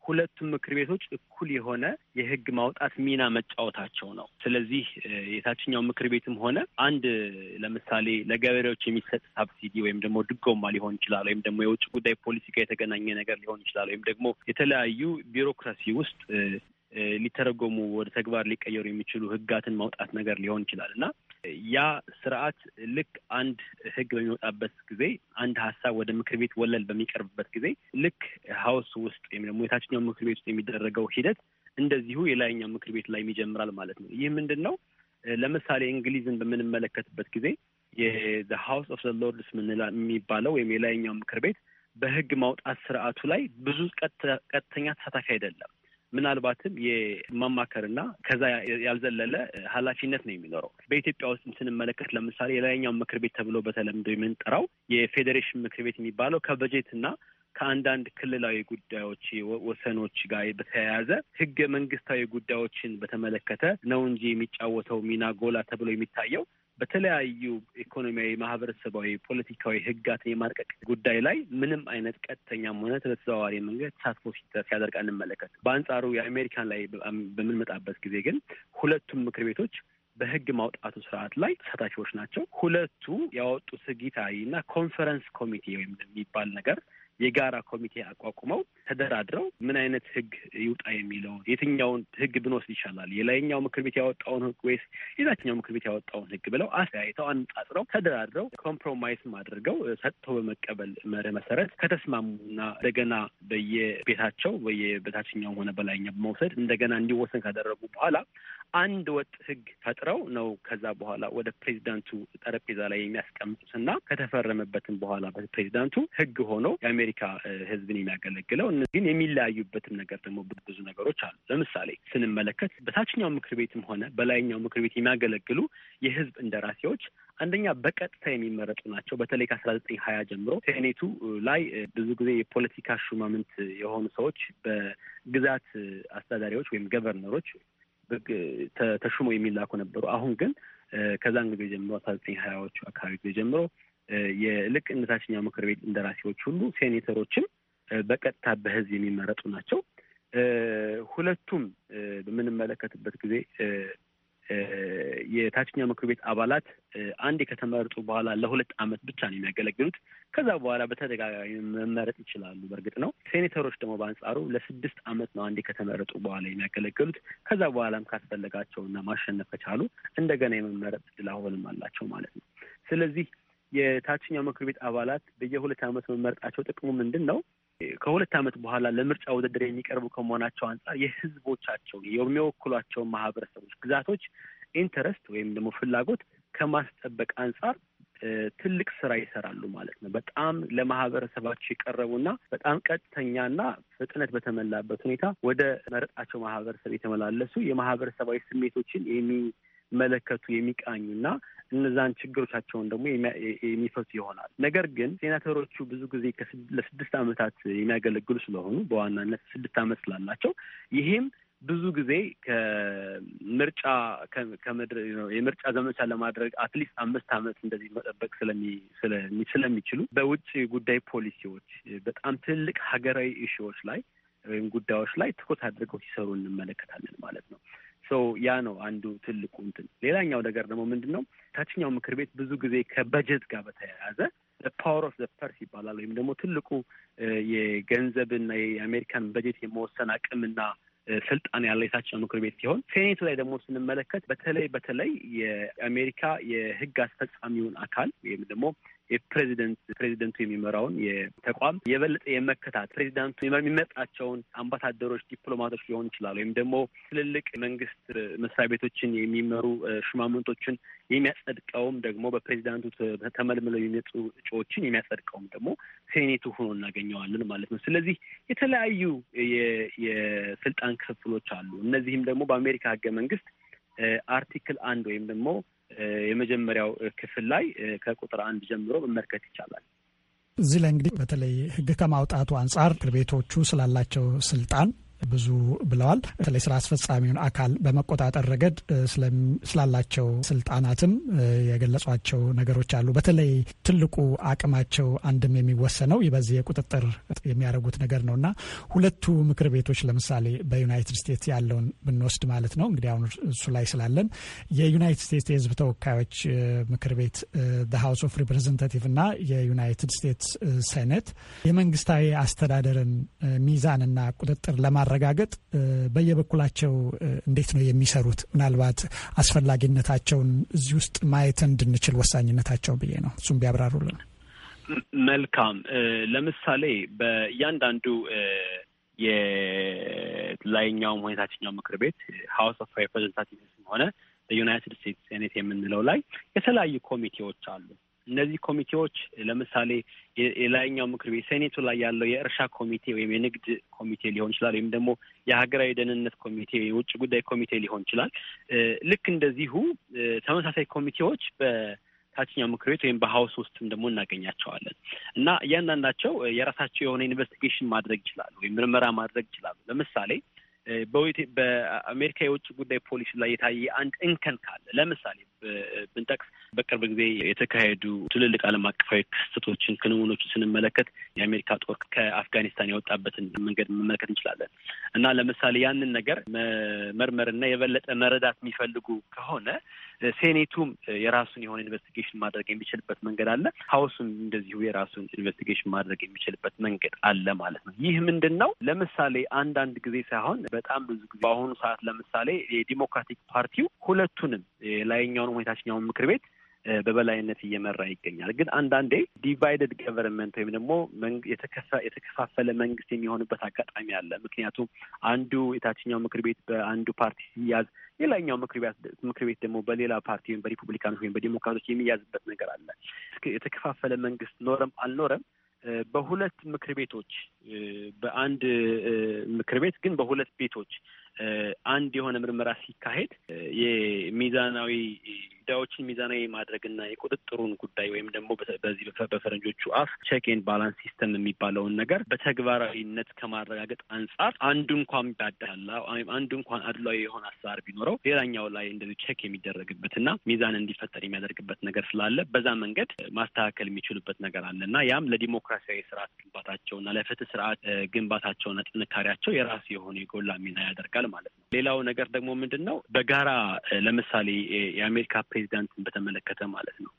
ሁለቱም ምክር ቤቶች እኩል የሆነ የህግ ማውጣት ሚና መጫወታቸው ነው። ስለዚህ የታችኛው ምክር ቤትም ሆነ አንድ ለምሳሌ ለገበሬዎች የሚሰጥ ሳብሲዲ ወይም ደግሞ ድጎማ ሊሆን ይችላል ወይም ደግሞ የውጭ ጉዳይ ፖሊሲ ጋር የተገናኘ ነገር ሊሆን ይችላል ወይም ደግሞ የተለያዩ ቢሮክራሲ ውስጥ ሊተረጎሙ ወደ ተግባር ሊቀየሩ የሚችሉ ህጋትን ማውጣት ነገር ሊሆን ይችላል እና ያ ስርዓት ልክ አንድ ህግ በሚወጣበት ጊዜ አንድ ሀሳብ ወደ ምክር ቤት ወለል በሚቀርብበት ጊዜ ልክ ሀውስ ውስጥ ወይም ደግሞ የታችኛው ምክር ቤት ውስጥ የሚደረገው ሂደት እንደዚሁ የላይኛው ምክር ቤት ላይም ይጀምራል ማለት ነው። ይህ ምንድን ነው? ለምሳሌ እንግሊዝን በምንመለከትበት ጊዜ የሀውስ ኦፍ ሎርድስ የሚባለው ወይም የላይኛው ምክር ቤት በህግ ማውጣት ስርዓቱ ላይ ብዙ ቀጥተኛ ተሳታፊ አይደለም። ምናልባትም የማማከርና ከዛ ያልዘለለ ኃላፊነት ነው የሚኖረው። በኢትዮጵያ ውስጥ ስንመለከት ለምሳሌ የላይኛው ምክር ቤት ተብሎ በተለምዶ የምንጠራው የፌዴሬሽን ምክር ቤት የሚባለው ከበጀትና ከአንዳንድ ክልላዊ ጉዳዮች ወሰኖች ጋር በተያያዘ ህገ መንግስታዊ ጉዳዮችን በተመለከተ ነው እንጂ የሚጫወተው ሚና ጎላ ተብሎ የሚታየው በተለያዩ ኢኮኖሚያዊ፣ ማህበረሰባዊ፣ ፖለቲካዊ ህጋትን የማርቀቅ ጉዳይ ላይ ምንም አይነት ቀጥተኛም ሆነ በተዘዋዋሪ መንገድ ተሳትፎ ሲያደርግ አንመለከት። በአንጻሩ የአሜሪካን ላይ በምንመጣበት ጊዜ ግን ሁለቱም ምክር ቤቶች በህግ ማውጣቱ ስርዓት ላይ ተሳታፊዎች ናቸው። ሁለቱ ያወጡት ጊታዊ እና ኮንፈረንስ ኮሚቴ ወይም የሚባል ነገር የጋራ ኮሚቴ አቋቁመው ተደራድረው ምን አይነት ህግ ይውጣ የሚለው የትኛውን ህግ ብንወስድ ይሻላል፣ የላይኛው ምክር ቤት ያወጣውን ህግ ወይስ የታችኛው ምክር ቤት ያወጣውን ህግ ብለው አስተያይተው አነጻጽረው ተደራድረው ኮምፕሮማይስም አድርገው ሰጥቶ በመቀበል መርህ መሰረት ከተስማሙና እንደገና በየቤታቸው በየበታችኛውም ሆነ በላይኛው በመውሰድ እንደገና እንዲወሰን ካደረጉ በኋላ አንድ ወጥ ህግ ፈጥረው ነው ከዛ በኋላ ወደ ፕሬዚዳንቱ ጠረጴዛ ላይ የሚያስቀምጡት እና ከተፈረመበትም በኋላ ፕሬዚዳንቱ ህግ ሆኖ የአሜሪካ ህዝብን የሚያገለግለው። ግን የሚለያዩበትም ነገር ደግሞ ብዙ ነገሮች አሉ። ለምሳሌ ስንመለከት በታችኛው ምክር ቤትም ሆነ በላይኛው ምክር ቤት የሚያገለግሉ የህዝብ እንደራሴዎች አንደኛ በቀጥታ የሚመረጡ ናቸው። በተለይ ከአስራ ዘጠኝ ሀያ ጀምሮ ሴኔቱ ላይ ብዙ ጊዜ የፖለቲካ ሹማምንት የሆኑ ሰዎች በግዛት አስተዳዳሪዎች ወይም ገቨርነሮች ተሹሞ የሚላኩ ነበሩ። አሁን ግን ከዛን ጊዜ ጀምሮ አስራ ዘጠኝ ሀያዎቹ አካባቢ ጊዜ ጀምሮ የልቅ እንደ ታችኛው ምክር ቤት እንደራሴዎች ሁሉ ሴኔተሮችም በቀጥታ በህዝብ የሚመረጡ ናቸው። ሁለቱም በምንመለከትበት ጊዜ የታችኛው ምክር ቤት አባላት አንዴ ከተመረጡ በኋላ ለሁለት ዓመት ብቻ ነው የሚያገለግሉት። ከዛ በኋላ በተደጋጋሚ መመረጥ ይችላሉ። በእርግጥ ነው። ሴኔተሮች ደግሞ በአንጻሩ ለስድስት ዓመት ነው አንድ ከተመረጡ በኋላ የሚያገለግሉት። ከዛ በኋላም ካስፈለጋቸውና ማሸነፍ ከቻሉ እንደገና የመመረጥ ዕድል አሁንም አላቸው ማለት ነው። ስለዚህ የታችኛው ምክር ቤት አባላት በየሁለት ዓመት መመረጣቸው ጥቅሙ ምንድን ነው? ከሁለት ዓመት በኋላ ለምርጫ ውድድር የሚቀርቡ ከመሆናቸው አንጻር የህዝቦቻቸው የሚወክሏቸውን ማህበረሰቦች፣ ግዛቶች ኢንተረስት ወይም ደግሞ ፍላጎት ከማስጠበቅ አንጻር ትልቅ ስራ ይሰራሉ ማለት ነው። በጣም ለማህበረሰባቸው የቀረቡና በጣም ቀጥተኛና ፍጥነት በተሞላበት ሁኔታ ወደ መረጣቸው ማህበረሰብ የተመላለሱ የማህበረሰባዊ ስሜቶችን የሚ መለከቱ የሚቃኙና እነዛን ችግሮቻቸውን ደግሞ የሚፈቱ ይሆናል። ነገር ግን ሴናተሮቹ ብዙ ጊዜ ለስድስት ዓመታት የሚያገለግሉ ስለሆኑ በዋናነት ስድስት ዓመት ስላላቸው ይሄም ብዙ ጊዜ ከምርጫ የምርጫ ዘመቻ ለማድረግ አትሊስት አምስት ዓመት እንደዚህ መጠበቅ ስለሚችሉ በውጭ ጉዳይ ፖሊሲዎች በጣም ትልቅ ሀገራዊ ኢሹዎች ላይ ወይም ጉዳዮች ላይ ትኩረት አድርገው ሲሰሩ እንመለከታለን ማለት ነው። ሰው ያ ነው አንዱ ትልቁ እንትን። ሌላኛው ነገር ደግሞ ምንድን ነው ታችኛው ምክር ቤት ብዙ ጊዜ ከበጀት ጋር በተያያዘ ፓወር ኦፍ ዘ ፐርስ ይባላል ወይም ደግሞ ትልቁ የገንዘብና የአሜሪካን በጀት የመወሰን አቅምና ስልጣን ያለ የታችኛው ምክር ቤት ሲሆን ሴኔቱ ላይ ደግሞ ስንመለከት በተለይ በተለይ የአሜሪካ የሕግ አስፈጻሚውን አካል ወይም ደግሞ የፕሬዚደንት ፕሬዚደንቱ የሚመራውን የተቋም የበለጠ የመከታት ፕሬዚዳንቱ የሚመጣቸውን አምባሳደሮች፣ ዲፕሎማቶች ሊሆን ይችላል ወይም ደግሞ ትልልቅ መንግስት መስሪያ ቤቶችን የሚመሩ ሹማምንቶችን የሚያጸድቀውም ደግሞ በፕሬዚዳንቱ ተመልምለው የሚመጡ እጩዎችን የሚያጸድቀውም ደግሞ ሴኔቱ ሆኖ እናገኘዋለን ማለት ነው። ስለዚህ የተለያዩ የስልጣን ክፍፍሎች አሉ። እነዚህም ደግሞ በአሜሪካ ህገ መንግስት አርቲክል አንድ ወይም ደግሞ የመጀመሪያው ክፍል ላይ ከቁጥር አንድ ጀምሮ መመልከት ይቻላል። እዚህ ላይ እንግዲህ በተለይ ህግ ከማውጣቱ አንጻር ምክር ቤቶቹ ስላላቸው ስልጣን ብዙ ብለዋል። በተለይ ስራ አስፈጻሚውን አካል በመቆጣጠር ረገድ ስላላቸው ስልጣናትም የገለጿቸው ነገሮች አሉ። በተለይ ትልቁ አቅማቸው አንድም የሚወሰነው በዚህ የቁጥጥር የሚያደርጉት ነገር ነው እና ሁለቱ ምክር ቤቶች ለምሳሌ በዩናይትድ ስቴትስ ያለውን ብንወስድ ማለት ነው እንግዲህ አሁን እሱ ላይ ስላለን የዩናይትድ ስቴትስ የህዝብ ተወካዮች ምክር ቤት ሀውስ ኦፍ ሪፕሬዘንታቲቭ እና የዩናይትድ ስቴትስ ሴኔት የመንግስታዊ አስተዳደርን ሚዛንና ቁጥጥር ለማ ለማረጋገጥ በየበኩላቸው እንዴት ነው የሚሰሩት? ምናልባት አስፈላጊነታቸውን እዚህ ውስጥ ማየት እንድንችል ወሳኝነታቸው ብዬ ነው። እሱም ቢያብራሩልን መልካም። ለምሳሌ በእያንዳንዱ የላይኛውም ሆነ የታችኛው ምክር ቤት ሀውስ ኦፍ ሬፕሬዘንታቲቭስ ሆነ በዩናይትድ ስቴትስ ሴኔት የምንለው ላይ የተለያዩ ኮሚቴዎች አሉ። እነዚህ ኮሚቴዎች ለምሳሌ የላይኛው ምክር ቤት ሴኔቱ ላይ ያለው የእርሻ ኮሚቴ ወይም የንግድ ኮሚቴ ሊሆን ይችላል፣ ወይም ደግሞ የሀገራዊ ደህንነት ኮሚቴ፣ የውጭ ጉዳይ ኮሚቴ ሊሆን ይችላል። ልክ እንደዚሁ ተመሳሳይ ኮሚቴዎች በታችኛው ምክር ቤት ወይም በሀውስ ውስጥም ደግሞ እናገኛቸዋለን እና እያንዳንዳቸው የራሳቸው የሆነ ኢንቨስቲጌሽን ማድረግ ይችላሉ ወይም ምርመራ ማድረግ ይችላሉ። ለምሳሌ በአሜሪካ የውጭ ጉዳይ ፖሊሲ ላይ የታየ አንድ እንከን ካለ ለምሳሌ ብንጠቅስ በቅርብ ጊዜ የተካሄዱ ትልልቅ ዓለም አቀፋዊ ክስተቶችን፣ ክንውኖችን ስንመለከት የአሜሪካ ጦር ከአፍጋኒስታን ያወጣበትን መንገድ መመለከት እንችላለን እና ለምሳሌ ያንን ነገር መመርመርና የበለጠ መረዳት የሚፈልጉ ከሆነ ሴኔቱም የራሱን የሆነ ኢንቨስቲጌሽን ማድረግ የሚችልበት መንገድ አለ። ሀውሱም እንደዚሁ የራሱን ኢንቨስቲጌሽን ማድረግ የሚችልበት መንገድ አለ ማለት ነው። ይህ ምንድን ነው? ለምሳሌ አንዳንድ ጊዜ ሳይሆን በጣም ብዙ ጊዜ በአሁኑ ሰዓት ለምሳሌ የዲሞክራቲክ ፓርቲው ሁለቱንም የላይኛውን ሁኔታችኛውን ምክር ቤት በበላይነት እየመራ ይገኛል። ግን አንዳንዴ ዲቫይደድ ገቨርንመንት ወይም ደግሞ የተከፋፈለ መንግስት የሚሆንበት አጋጣሚ አለ። ምክንያቱም አንዱ የታችኛው ምክር ቤት በአንዱ ፓርቲ ሲያዝ፣ ሌላኛው ምክር ቤት ደግሞ በሌላ ፓርቲ ወይም በሪፑብሊካኖች ወይም በዲሞክራቶች የሚያዝበት ነገር አለ። የተከፋፈለ መንግስት ኖረም አልኖረም በሁለት ምክር ቤቶች በአንድ ምክር ቤት ግን በሁለት ቤቶች አንድ የሆነ ምርመራ ሲካሄድ የሚዛናዊ ጉዳዮችን ሚዛናዊ ማድረግና የቁጥጥሩን ጉዳይ ወይም ደግሞ በዚህ በፈረንጆቹ አፍ ቼክ ኤንድ ባላንስ ሲስተም የሚባለውን ነገር በተግባራዊነት ከማረጋገጥ አንጻር አንዱ እንኳን ቢያዳላ ወይም አንዱ እንኳን አድሏዊ የሆነ አሰራር ቢኖረው ሌላኛው ላይ እንደዚህ ቼክ የሚደረግበትና ሚዛን እንዲፈጠር የሚያደርግበት ነገር ስላለ በዛ መንገድ ማስተካከል የሚችሉበት ነገር አለ እና ያም ለዲሞክራሲያዊ ስርዓት ግንባታቸውና ለፍትህ ስርዓት ግንባታቸውና ጥንካሬያቸው የራሱ የሆነ የጎላ ሚና ያደርጋል ማለት ነው። ሌላው ነገር ደግሞ ምንድን ነው በጋራ ለምሳሌ የአሜሪካ ፕሬ ፕሬዚዳንትን በተመለከተ ማለት ነው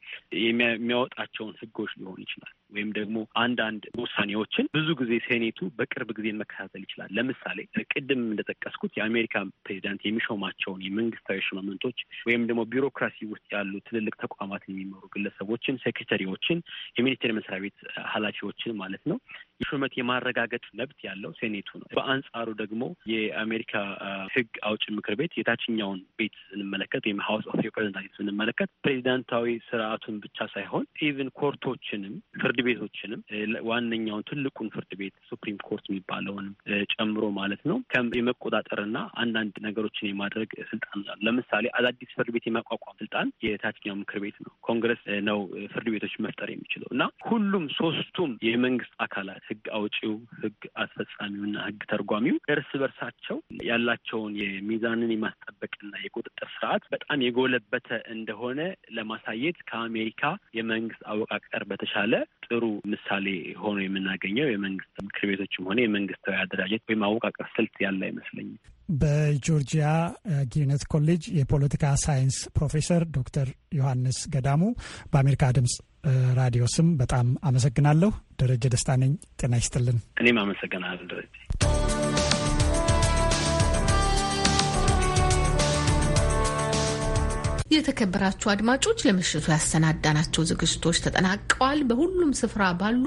የሚያወጣቸውን ህጎች ሊሆን ይችላል ወይም ደግሞ አንዳንድ ውሳኔዎችን ብዙ ጊዜ ሴኔቱ በቅርብ ጊዜ መከታተል ይችላል። ለምሳሌ ቅድም እንደጠቀስኩት የአሜሪካ ፕሬዚዳንት የሚሾማቸውን የመንግስታዊ ሽማምንቶች ወይም ደግሞ ቢሮክራሲ ውስጥ ያሉ ትልልቅ ተቋማትን የሚመሩ ግለሰቦችን፣ ሴክሬታሪዎችን፣ የሚኒስቴር መስሪያ ቤት ኃላፊዎችን ማለት ነው የሹመት የማረጋገጥ መብት ያለው ሴኔቱ ነው። በአንጻሩ ደግሞ የአሜሪካ ህግ አውጭ ምክር ቤት የታችኛውን ቤት ስንመለከት ወይም ሀውስ ኦፍ ሪፕሬዘንታቲቭ ስንመለከት ፕሬዚዳንታዊ ስርዓቱን ብቻ ሳይሆን ኢቨን ኮርቶችንም ፍርድ ቤቶችንም ዋነኛውን ትልቁን ፍርድ ቤት ሱፕሪም ኮርት የሚባለውንም ጨምሮ ማለት ነው የመቆጣጠርና አንዳንድ ነገሮችን የማድረግ ስልጣን ነው። ለምሳሌ አዳዲስ ፍርድ ቤት የማቋቋም ስልጣን የታችኛው ምክር ቤት ነው። ኮንግረስ ነው ፍርድ ቤቶች መፍጠር የሚችለው እና ሁሉም ሶስቱም የመንግስት አካላት ህግ አውጪው፣ ህግ አስፈጻሚውና ህግ ተርጓሚው እርስ በርሳቸው ያላቸውን የሚዛንን የማስጠበቅና የቁጥጥር ስርዓት በጣም የጎለበተ እንደሆነ ለማሳየት ከአሜሪካ የመንግስት አወቃቀር በተሻለ ጥሩ ምሳሌ ሆኖ የምናገኘው የመንግስት ምክር ቤቶችም ሆነ የመንግስታዊ አደራጀት ወይም አወቃቀር ስልት ያለ አይመስለኝም። በጆርጂያ ጊነት ኮሌጅ የፖለቲካ ሳይንስ ፕሮፌሰር ዶክተር ዮሐንስ ገዳሙ በአሜሪካ ድምጽ ራዲዮ ስም በጣም አመሰግናለሁ። ደረጀ ደስታ ነኝ። ጤና ይስጥልን። እኔም አመሰግናለሁ ደረጀ። የተከበራችሁ አድማጮች ለምሽቱ ያሰናዳናቸው ዝግጅቶች ተጠናቀዋል። በሁሉም ስፍራ ባሉ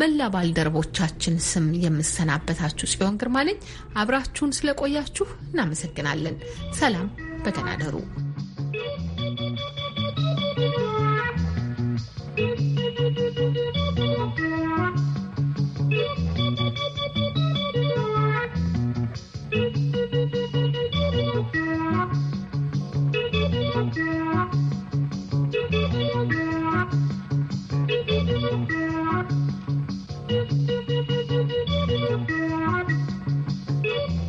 መላ ባልደረቦቻችን ስም የምሰናበታችሁ ጽዮን ግርማ ነኝ። አብራችሁን ስለቆያችሁ እናመሰግናለን። ሰላም፣ በደህና